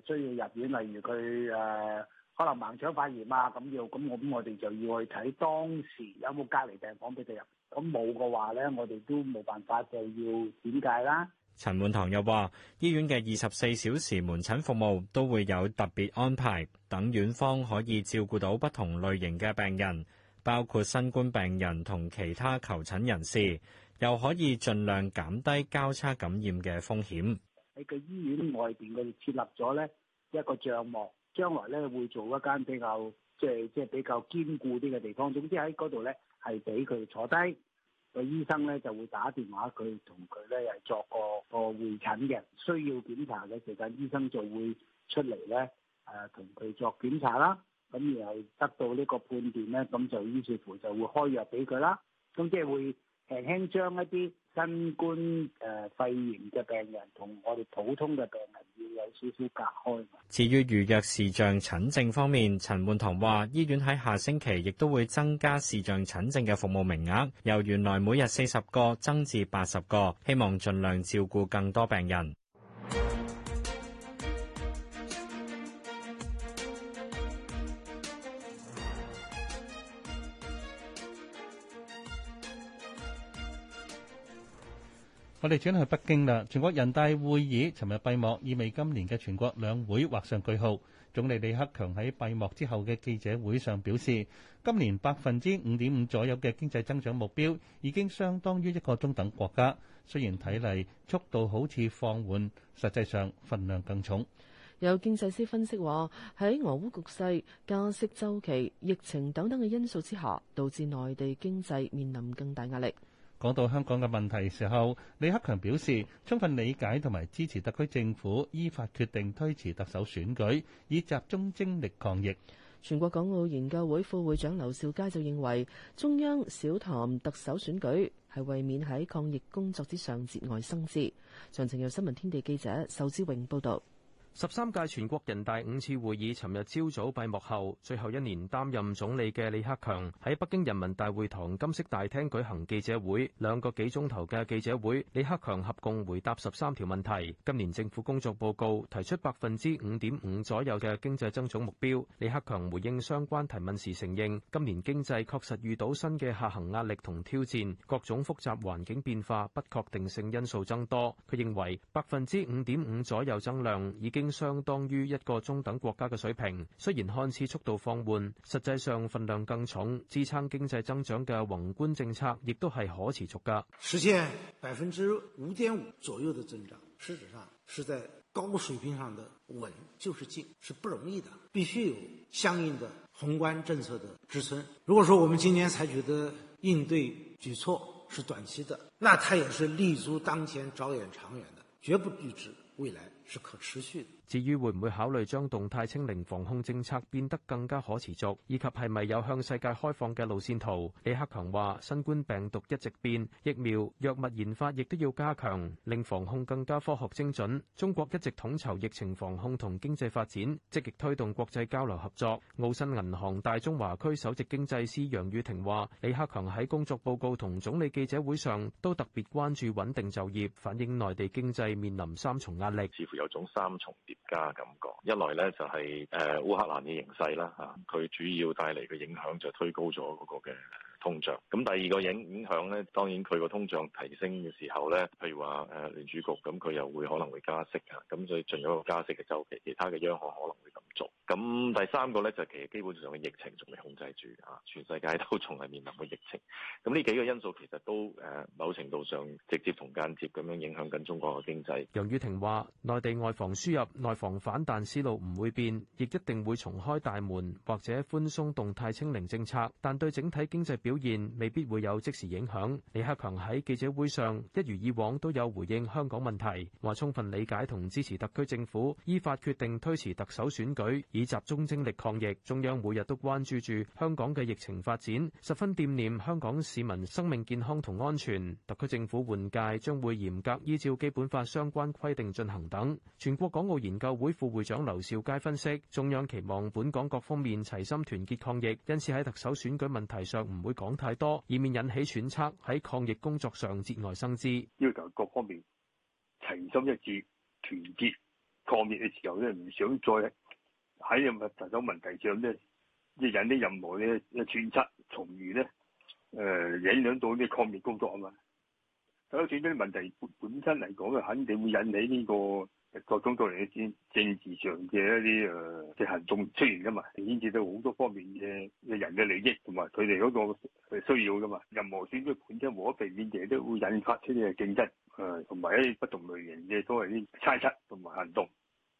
係需要入院，例如佢誒、呃、可能盲腸發炎啊咁要，咁我咁我哋就要去睇當時有冇隔離病房俾佢入，咁冇嘅話咧，我哋都冇辦法就要點解啦？陳滿堂又話，醫院嘅二十四小時門診服務都會有特別安排，等院方可以照顧到不同類型嘅病人，包括新冠病人同其他求診人士，又可以盡量減低交叉感染嘅風險。喺個醫院外邊，佢設立咗呢一個帳幕，將來呢會做一間比較即係即係比較堅固啲嘅地方，總之喺嗰度呢，係俾佢坐低。個醫生咧就會打電話佢同佢咧，又作個個會診嘅，需要檢查嘅時間，醫生就會出嚟咧，誒同佢作檢查啦，咁然後得到呢個判斷咧，咁就於是乎就會開藥俾佢啦，咁即係會輕輕將一啲。新冠誒肺炎嘅病人同我哋普通嘅病人要有少少隔開。至於預約視像診症方面，陳煥堂話醫院喺下星期亦都會增加視像診症嘅服務名額，由原來每日四十個增至八十個，希望盡量照顧更多病人。我哋轉去北京啦！全國人大會議尋日閉幕，意味今年嘅全國兩會畫上句號。總理李克強喺閉幕之後嘅記者會上表示，今年百分之五點五左右嘅經濟增長目標已經相當於一個中等國家。雖然睇嚟速度好似放緩，實際上份量更重。有經濟師分析話，喺俄烏局勢、加息週期、疫情等等嘅因素之下，導致內地經濟面臨更大壓力。講到香港嘅問題時候，李克強表示充分理解同埋支持特區政府依法決定推遲特首選舉，以集中精力抗疫。全國港澳研究會副會長劉兆佳就認為，中央少談特首選舉，係為免喺抗疫工作之上節外生枝。詳情由新聞天地記者壽之永報導。十三屆全國人大五次會議尋日朝早閉幕後，最後一年擔任總理嘅李克強喺北京人民大會堂金色大廳舉行記者會，兩個幾鐘頭嘅記者會，李克強合共回答十三條問題。今年政府工作報告提出百分之五點五左右嘅經濟增長目標，李克強回應相關提問時承認，今年經濟確實遇到新嘅下行壓力同挑戰，各種複雜環境變化、不確定性因素增多。佢認為百分之五點五左右增量已經。相當於一個中等國家嘅水平，雖然看似速度放緩，實際上分量更重，支撐經濟增長嘅宏觀政策亦都係可持續噶。實現百分之五點五左右嘅增長，實質上是在高水平上的穩，就是進，是不容易的，必須有相應的宏觀政策的支撐。如果說我們今年採取的應對舉措是短期的，那它也是立足當前、着眼長遠的，絕不預支未來。是可持續的。至於會唔會考慮將動態清零防控政策變得更加可持續，以及係咪有向世界開放嘅路線圖？李克強話：新冠病毒一直變，疫苗藥物研發亦都要加強，令防控更加科學精準。中國一直統籌疫情防控同經濟發展，積極推動國際交流合作。澳新銀行大中華區首席經濟師楊宇霆話：李克強喺工作報告同總理記者會上都特別關注穩定就業，反映內地經濟面臨三重壓力。似乎有種三重。家感覺一來咧就係、是、誒、呃、烏克蘭嘅形勢啦嚇，佢、啊、主要帶嚟嘅影響就推高咗嗰個嘅通脹。咁第二個影影響咧，當然佢個通脹提升嘅時候咧，譬如話誒、呃、聯儲局咁，佢又會可能會加息啊。咁所以進咗一個加息嘅周期，其他嘅央行可能會咁做。咁第三個咧，就係其實基本上嘅疫情仲未控制住啊，全世界都仲係面臨個疫情。咁呢幾個因素其實都誒某程度上直接同間接咁樣影響緊中國嘅經濟。楊宇霆話：內地外防輸入、內防反彈思路唔會變，亦一定會重開大門或者寬鬆動態清零政策，但對整體經濟表現未必會有即時影響。李克強喺記者會上一如以往都有回應香港問題，話充分理解同支持特區政府依法決定推遲特首選舉。以集中精力抗疫，中央每日都關注住香港嘅疫情發展，十分惦念香港市民生命健康同安全。特區政府換屆將會嚴格依照基本法相關規定進行等。全國港澳研究會副會長劉兆佳分析，中央期望本港各方面齊心團結抗疫，因此喺特首選舉問題上唔會講太多，以免引起揣測喺抗疫工作上節外生枝。要求各方面齊心一致、團結抗疫嘅時候呢，唔想再。喺任何一種問題上咧，即係引啲任何嘅嘅猜測從而咧，誒影響到啲抗疫工作啊嘛。所喺選啲問題本身嚟講，咧肯定會引起呢、呢個各種各樣嘅政政治上嘅一啲誒嘅行動出現噶嘛，牽涉到好多方面嘅嘅人嘅利益同埋佢哋嗰個誒需要噶嘛。任何選舉本身無可避免嘅，都會引發出啲嘅競爭誒，同、呃、埋一啲不同類型嘅所謂啲猜測同埋行動。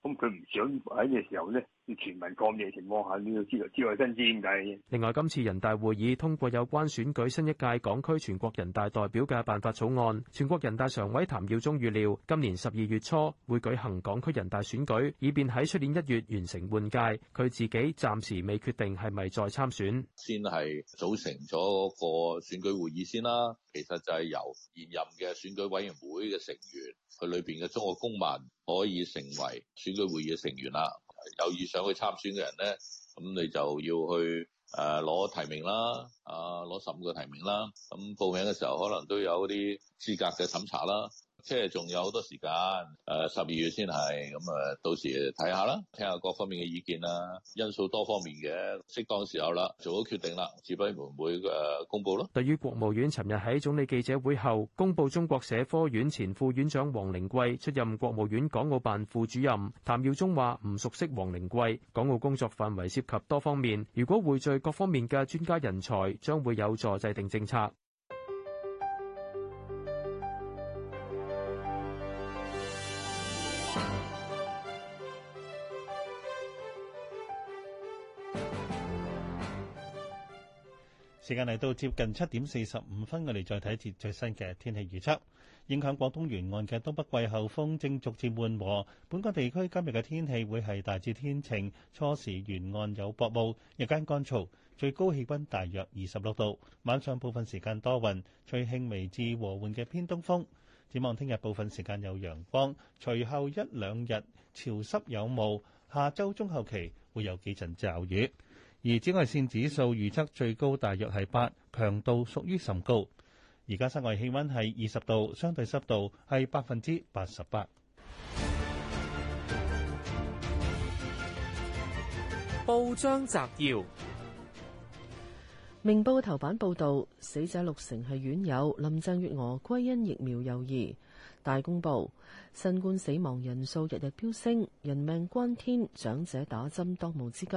咁佢唔想喺嘅時候咧。全民抗疫情況下，呢個之外知財生知唔知？另外，今次人大會議通過有關選舉新一屆港區全國人大代表嘅辦法草案。全國人大常委譚耀宗預料，今年十二月初會舉行港區人大選舉，以便喺出年一月完成換屆。佢自己暫時未決定係咪再參選。先係組成咗個選舉會議先啦。其實就係由現任嘅選舉委員會嘅成員，佢裏邊嘅中國公民可以成為選舉會議嘅成員啦。有意想去參選嘅人咧，咁你就要去誒攞，呃、提名啦，啊攞十五個提名啦，咁報名嘅時候可能都有嗰啲資格嘅審查啦。即係仲有好多時間，誒十二月先係，咁、嗯、誒到時睇下啦，聽下各方面嘅意見啦，因素多方面嘅，適當時候啦，做好決定啦，至不至會誒公布咯？對於國務院尋日喺總理記者會後公佈中國社科院前副院長王靈桂出任國務院港澳辦副主任，譚耀宗話唔熟悉王靈桂，港澳工作範圍涉及多方面，如果匯聚各方面嘅專家人才，將會有助制定政策。時間嚟到接近七點四十五分，我哋再睇一節最新嘅天氣預測。影響廣東沿岸嘅東北季候風正逐漸緩和，本港地區今日嘅天氣會係大致天晴，初時沿岸有薄霧，日間乾燥，最高氣溫大約二十六度。晚上部分時間多雲，吹輕微至和緩嘅偏東風。展望聽日部分時間有陽光，隨後一兩日潮濕有霧，下周中後期會有幾陣驟雨。而紫外線指數預測最高大約係八，強度屬於甚高。而家室外氣溫係二十度，相對濕度係百分之八十八。報章摘要：明報頭版報導，死者六成係院友，林鄭月娥歸因疫苗猶疑。大公報：新冠死亡人數日日飆升，人命關天，長者打針當務之急。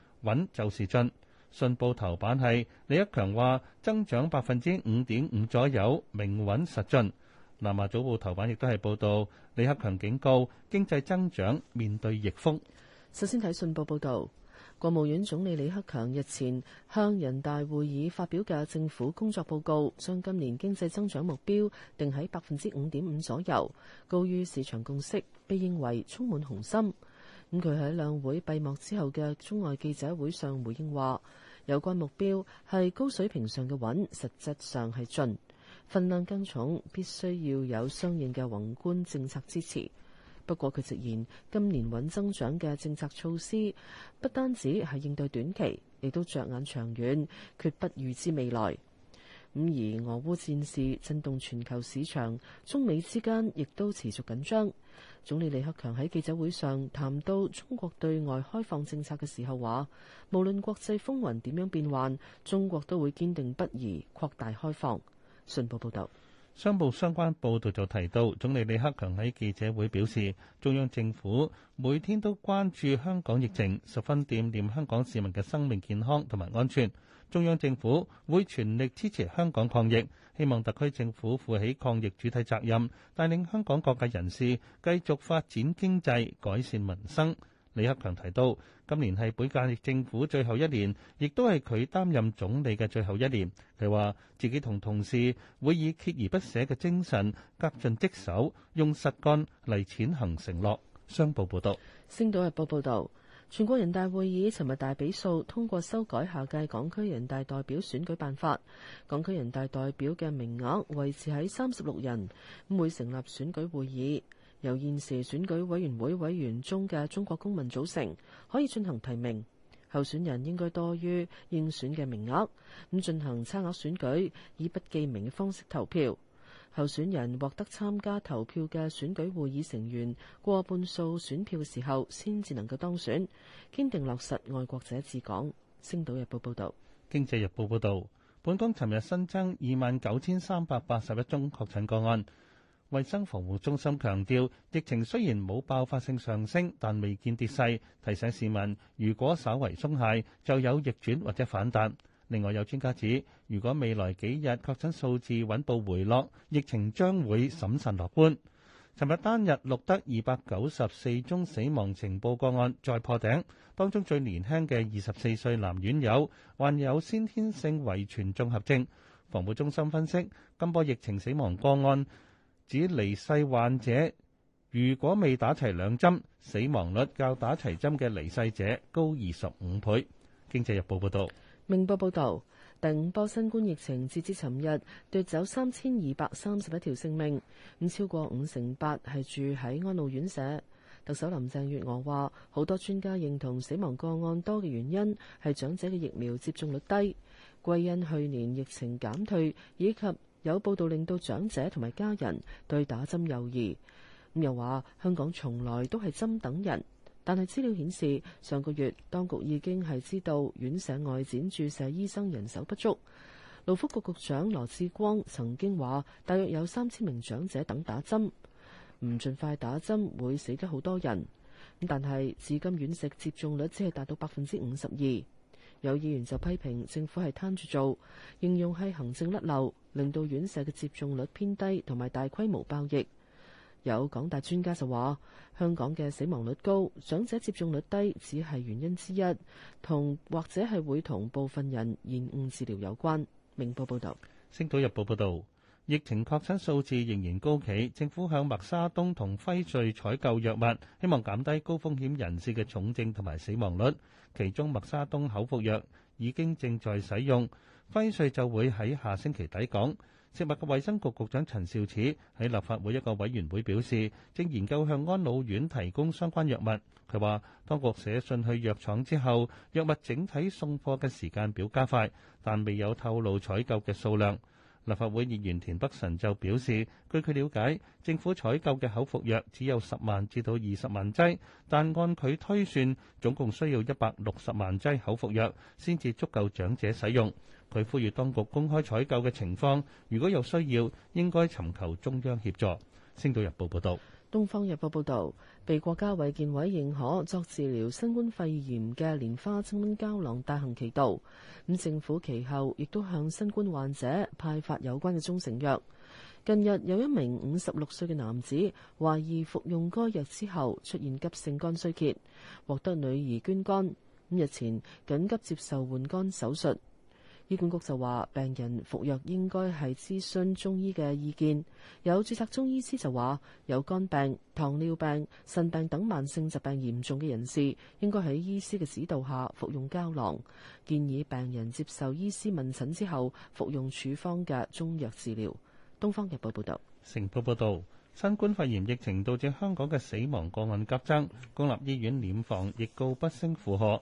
穩就是進。信報頭版係李克強話，增長百分之五點五左右，明穩實進。南華早報頭版亦都係報道，李克強警告經濟增長面對逆風。首先睇信報報導，國務院總理李克強日前向人大會議發表嘅政府工作報告，將今年經濟增長目標定喺百分之五點五左右，高於市場共識，被認為充滿雄心。咁佢喺兩會閉幕之後嘅中外記者會上回應話，有關目標係高水平上嘅穩，實質上係進，份量更重，必須要有相應嘅宏觀政策支持。不過佢直言，今年穩增長嘅政策措施不單止係應對短期，亦都着眼長遠，決不預支未來。咁而俄烏戰事震動全球市場，中美之間亦都持續緊張。總理李克強喺記者會上談到中國對外開放政策嘅時候話，無論國際風雲點樣變幻，中國都會堅定不移擴大開放。信報報道，商報相關報道就提到，總理李克強喺記者會表示，中央政府每天都關注香港疫情，十分惦念香港市民嘅生命健康同埋安全。中央政府會全力支持香港抗疫，希望特區政府負起抗疫主體責任，帶領香港各界人士繼續發展經濟、改善民生。李克強提到，今年係本屆政府最後一年，亦都係佢擔任總理嘅最後一年。佢話：自己同同事會以鍥而不捨嘅精神，恪盡職守，用實幹嚟踐行承諾。商報報道，《星島日報》報道。全國人大會議尋日大比數通過修改下屆港區人大代表選舉辦法，港區人大代表嘅名額維持喺三十六人，會成立選舉會議，由現時選舉委員會委員中嘅中國公民組成，可以進行提名，候選人應該多於應選嘅名額，咁進行差額選舉，以不記名嘅方式投票。候選人獲得參加投票嘅選舉會議成員過半數選票嘅時候，先至能夠當選。堅定落實愛國者治港。星島日報報導，經濟日報報導，本港尋日新增二萬九千三百八十一宗確診個案。衞生防護中心強調，疫情雖然冇爆發性上升，但未見跌勢，提醒市民如果稍為鬆懈，就有逆轉或者反彈。另外有專家指，如果未來幾日確診數字穩步回落，疫情將會審慎樂觀。尋日單日錄得二百九十四宗死亡情報個案，再破頂，當中最年輕嘅二十四歲男院友患有先天性遺傳綜合症。防護中心分析，今波疫情死亡個案指離世患者如果未打齊兩針，死亡率較打齊針嘅離世者高二十五倍。經濟日報報導。明報報道，第五波新冠疫情截至尋日奪走三千二百三十一條性命，咁超過五成八係住喺安老院舍。特首林鄭月娥話，好多專家認同死亡個案多嘅原因係長者嘅疫苗接種率低，歸因去年疫情減退以及有報道令到長者同埋家人對打針猶豫。咁又話香港從來都係針等人。但係資料顯示，上個月當局已經係知道院舍外展注射醫生人手不足。勞福局局長羅志光曾經話，大約有三千名長者等打針，唔盡快打針會死得好多人。但係至今院舍接種率只係達到百分之五十二。有議員就批評政府係攤住做，形容係行政甩漏，令到院舍嘅接種率偏低同埋大規模爆疫。有港大專家就話，香港嘅死亡率高，長者接種率低，只係原因之一，同或者係會同部分人延誤治療有關。明報報導，《星島日報》報道，疫情確診數字仍然高企，政府向默沙東同輝瑞採購藥物，希望減低高風險人士嘅重症同埋死亡率。其中，默沙東口服藥已經正在使用，輝瑞就會喺下星期抵港。食物及衞生局局長陳肇始喺立法會一個委員會表示，正研究向安老院提供相關藥物。佢話：當局寫信去藥廠之後，藥物整體送貨嘅時間表加快，但未有透露採購嘅數量。立法會議員田北辰就表示，據佢了解，政府採購嘅口服藥只有十萬至到二十萬劑，但按佢推算，總共需要一百六十萬劑口服藥先至足夠長者使用。佢呼籲當局公開採購嘅情況，如果有需要，應該尋求中央協助。星島日報報道，東方日報報道，被國家衛健委認可作治療新冠肺炎嘅蓮花清瘟膠囊大行其道。咁政府其後亦都向新冠患者派發有關嘅中成藥。近日有一名五十六歲嘅男子懷疑服用該藥之後出現急性肝衰竭，獲得女兒捐肝。五日前緊急接受換肝手術。醫管局就話，病人服藥應該係諮詢中醫嘅意見。有註冊中醫師就話，有肝病、糖尿病、腎病等慢性疾病嚴重嘅人士，應該喺醫師嘅指導下服用膠囊。建議病人接受醫師問診之後，服用處方嘅中藥治療。《東方日報》報道：成報報道，新冠肺炎疫情導致香港嘅死亡個案急增，公立醫院殮房亦告不勝負荷。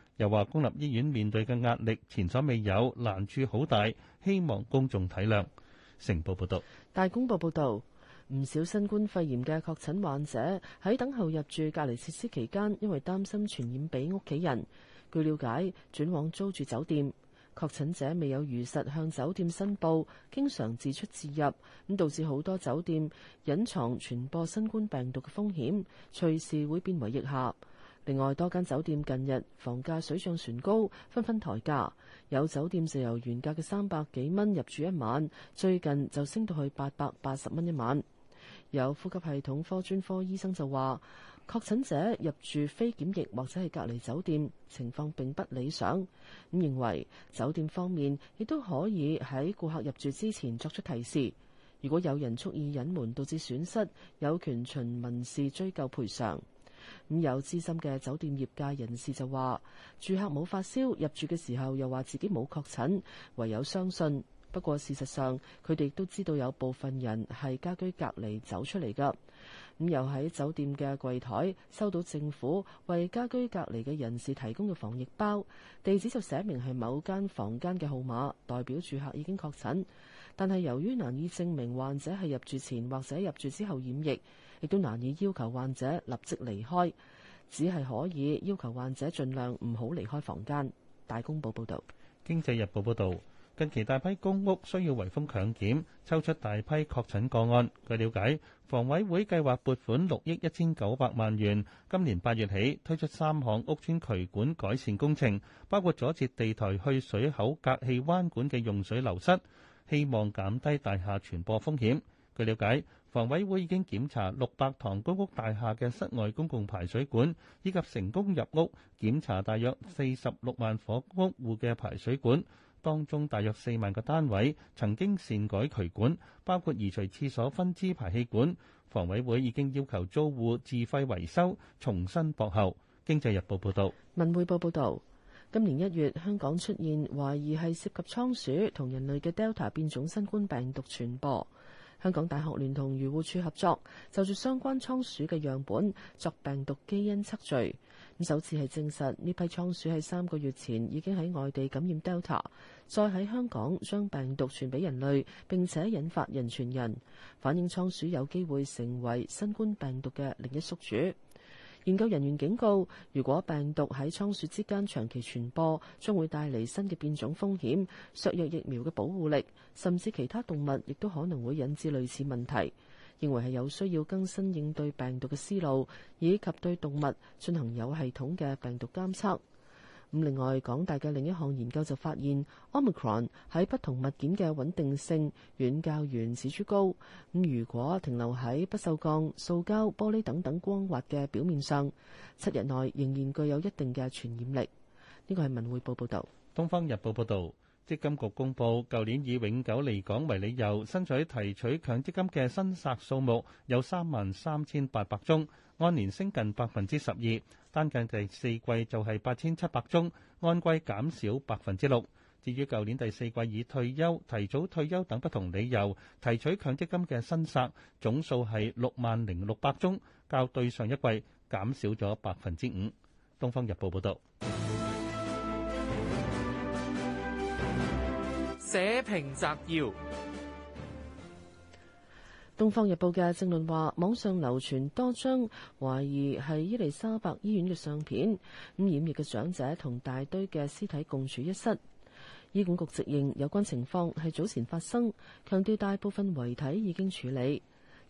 又話公立醫院面對嘅壓力前所未有，難處好大，希望公眾體諒。成報報道：「大公報報道，唔少新冠肺炎嘅確診患者喺等候入住隔離設施期間，因為擔心傳染俾屋企人，據了解轉往租住酒店。確診者未有如實向酒店申報，經常自出自入，咁導致好多酒店隱藏傳播新冠病毒嘅風險，隨時會變為疫廈。另外，多間酒店近日房價水漲船高，紛紛抬價。有酒店就由原價嘅三百幾蚊入住一晚，最近就升到去八百八十蚊一晚。有呼吸系統科專科醫生就話，確診者入住非檢疫或者係隔離酒店，情況並不理想。咁認為酒店方面亦都可以喺顧客入住之前作出提示。如果有人蓄意隱瞞，導致損失，有權循民事追究賠償。咁、嗯、有資深嘅酒店業界人士就話：住客冇發燒，入住嘅時候又話自己冇確診，唯有相信。不過事實上，佢哋亦都知道有部分人係家居隔離走出嚟㗎。咁、嗯、又喺酒店嘅櫃台收到政府為家居隔離嘅人士提供嘅防疫包，地址就寫明係某間房間嘅號碼，代表住客已經確診。但係由於難以證明患者係入住前或者入住之後染疫。亦都難以要求患者立即離開，只係可以要求患者盡量唔好離開房間。大公報報道，《經濟日報》報道，近期大批公屋需要圍封強檢，抽出大批確診個案。據瞭解，房委會計劃撥款六億一千九百萬元，今年八月起推出三項屋邨渠管改善工程，包括阻截地台去水口隔氣彎管嘅用水流失，希望減低大廈傳播風險。據了解，房委會已經檢查六百幢公屋大廈嘅室外公共排水管，以及成功入屋檢查，大約四十六萬伙屋戶嘅排水管，當中大約四萬個單位曾經擅改渠管，包括移除廁所分支排氣管。房委會已經要求租戶自費維修，重新駁喉。經濟日報報道：「文匯報報道，今年一月香港出現懷疑係涉及倉鼠同人類嘅 Delta 變種新冠病毒傳播。香港大學聯同漁護處合作，就住相關倉鼠嘅樣本作病毒基因測序。咁首次係證實呢批倉鼠喺三個月前已經喺外地感染 Delta，再喺香港將病毒傳俾人類，並且引發人傳人，反映倉鼠有機會成為新冠病毒嘅另一宿主。研究人員警告，如果病毒喺倉鼠之間長期傳播，將會帶嚟新嘅變種風險、削弱疫苗嘅保護力，甚至其他動物亦都可能會引致類似問題。認為係有需要更新應對病毒嘅思路，以及對動物進行有系統嘅病毒監測。咁另外，港大嘅另一項研究就發現，Omicron 喺不同物件嘅穩定性遠較原始株高。咁如果停留喺不鏽鋼、塑膠、玻璃等等光滑嘅表面上，七日內仍然具有一定嘅傳染力。呢個係文匯報報道，東方日報報道。積金局公布，舊年以永久離港為理由申請提取強積金嘅申索數目有三萬三千八百宗，按年升近百分之十二。單計第四季就係八千七百宗，按季減少百分之六。至於舊年第四季以退休、提早退休等不同理由提取強積金嘅申索總數係六萬零六百宗，較對上一季減少咗百分之五。東方日報報道。社評摘要，《東方日報》嘅正論話，網上流傳多張懷疑係伊麗莎白醫院嘅相片，咁染疫嘅長者同大堆嘅屍體共處一室。醫管局直認有關情況係早前發生，強調大部分遺體已經處理。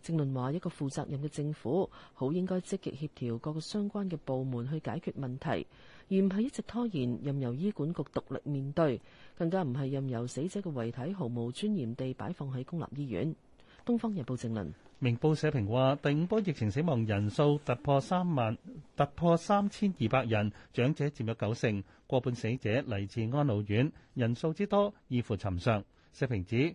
政論話：一個負責任嘅政府，好應該積極協調各個相關嘅部門去解決問題，而唔係一直拖延，任由醫管局獨立面對，更加唔係任由死者嘅遺體毫無尊嚴地擺放喺公立醫院。《東方日報》政論。明報社評話：第五波疫情死亡人數突破三萬，突破三千二百人，長者佔約九成，過半死者嚟自安老院，人數之多，異乎尋常。社評指，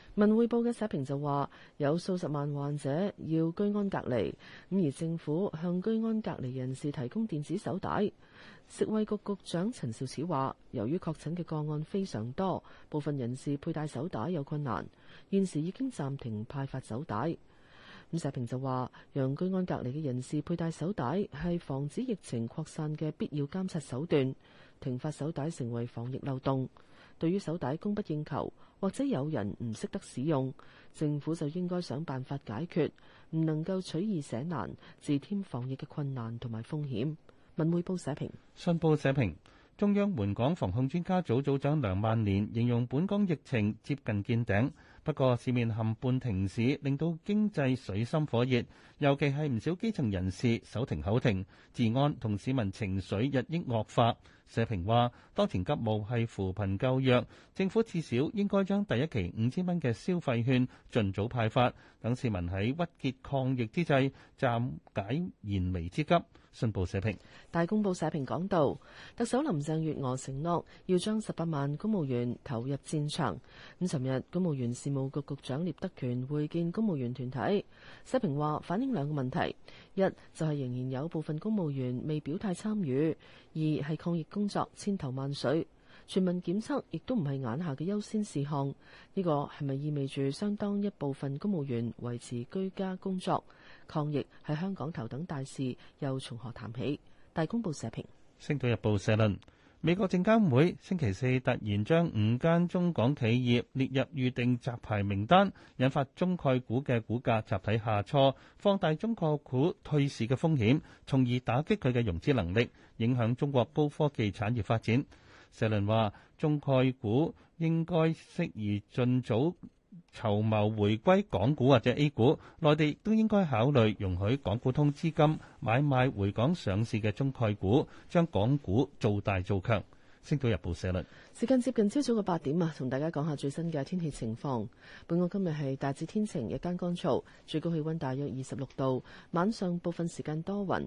文匯報嘅社評就話，有數十萬患者要居安隔離，咁而政府向居安隔離人士提供電子手帶。食衛局局長陳肇始話，由於確診嘅個案非常多，部分人士佩戴手帶有困難，現時已經暫停派發手帶。咁社評就話，讓居安隔離嘅人士佩戴手帶係防止疫情擴散嘅必要監察手段，停發手帶成為防疫漏洞。對於手帶供不應求。或者有人唔識得使用，政府就應該想辦法解決，唔能夠取易捨難，自添防疫嘅困難同埋風險。文匯報社評。信報社評，中央援港防控專家組組長梁萬年形容本港疫情接近見頂，不過市面陷半停市，令到經濟水深火熱，尤其係唔少基層人士手停口停，治安同市民情緒日益惡化。社評話：當前急務係扶貧救弱，政府至少應該將第一期五千蚊嘅消費券盡早派發，等市民喺鬱結抗疫之際暫解燃眉之急。新報社評，大公報社評講到，特首林鄭月娥承諾要將十八萬公務員投入戰場。咁，尋日公務員事務局局,局長聶德權會見公務員團體，社評話反映兩個問題：一就係、是、仍然有部分公務員未表態參與；二係抗疫工作千頭萬緒，全民檢測亦都唔係眼下嘅優先事項。呢、這個係咪意味住相當一部分公務員維持居家工作？抗疫係香港頭等大事，又從何談起？大公報社評，《星島日報》社論：美國證監會星期四突然將五間中港企業列入預定摘牌名單，引發中概股嘅股價集體下挫，放大中概股退市嘅風險，從而打擊佢嘅融資能力，影響中國高科技產業發展。社論話：中概股應該適宜盡早籌謀回歸港股或者 A 股，內地都應該考慮容許港股通資金買賣回港上市嘅中概股，將港股做大做強。星島日報社論。時間接近朝早嘅八點啊，同大家講下最新嘅天氣情況。本港今日係大致天晴，日間乾燥，最高氣温大約二十六度。晚上部分時間多雲。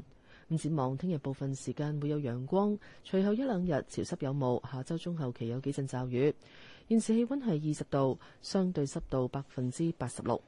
咁展望聽日部分時間會有陽光，隨後一兩日潮濕有霧，下周中後期有幾陣驟雨。現時氣溫係二十度，相對濕度百分之八十六。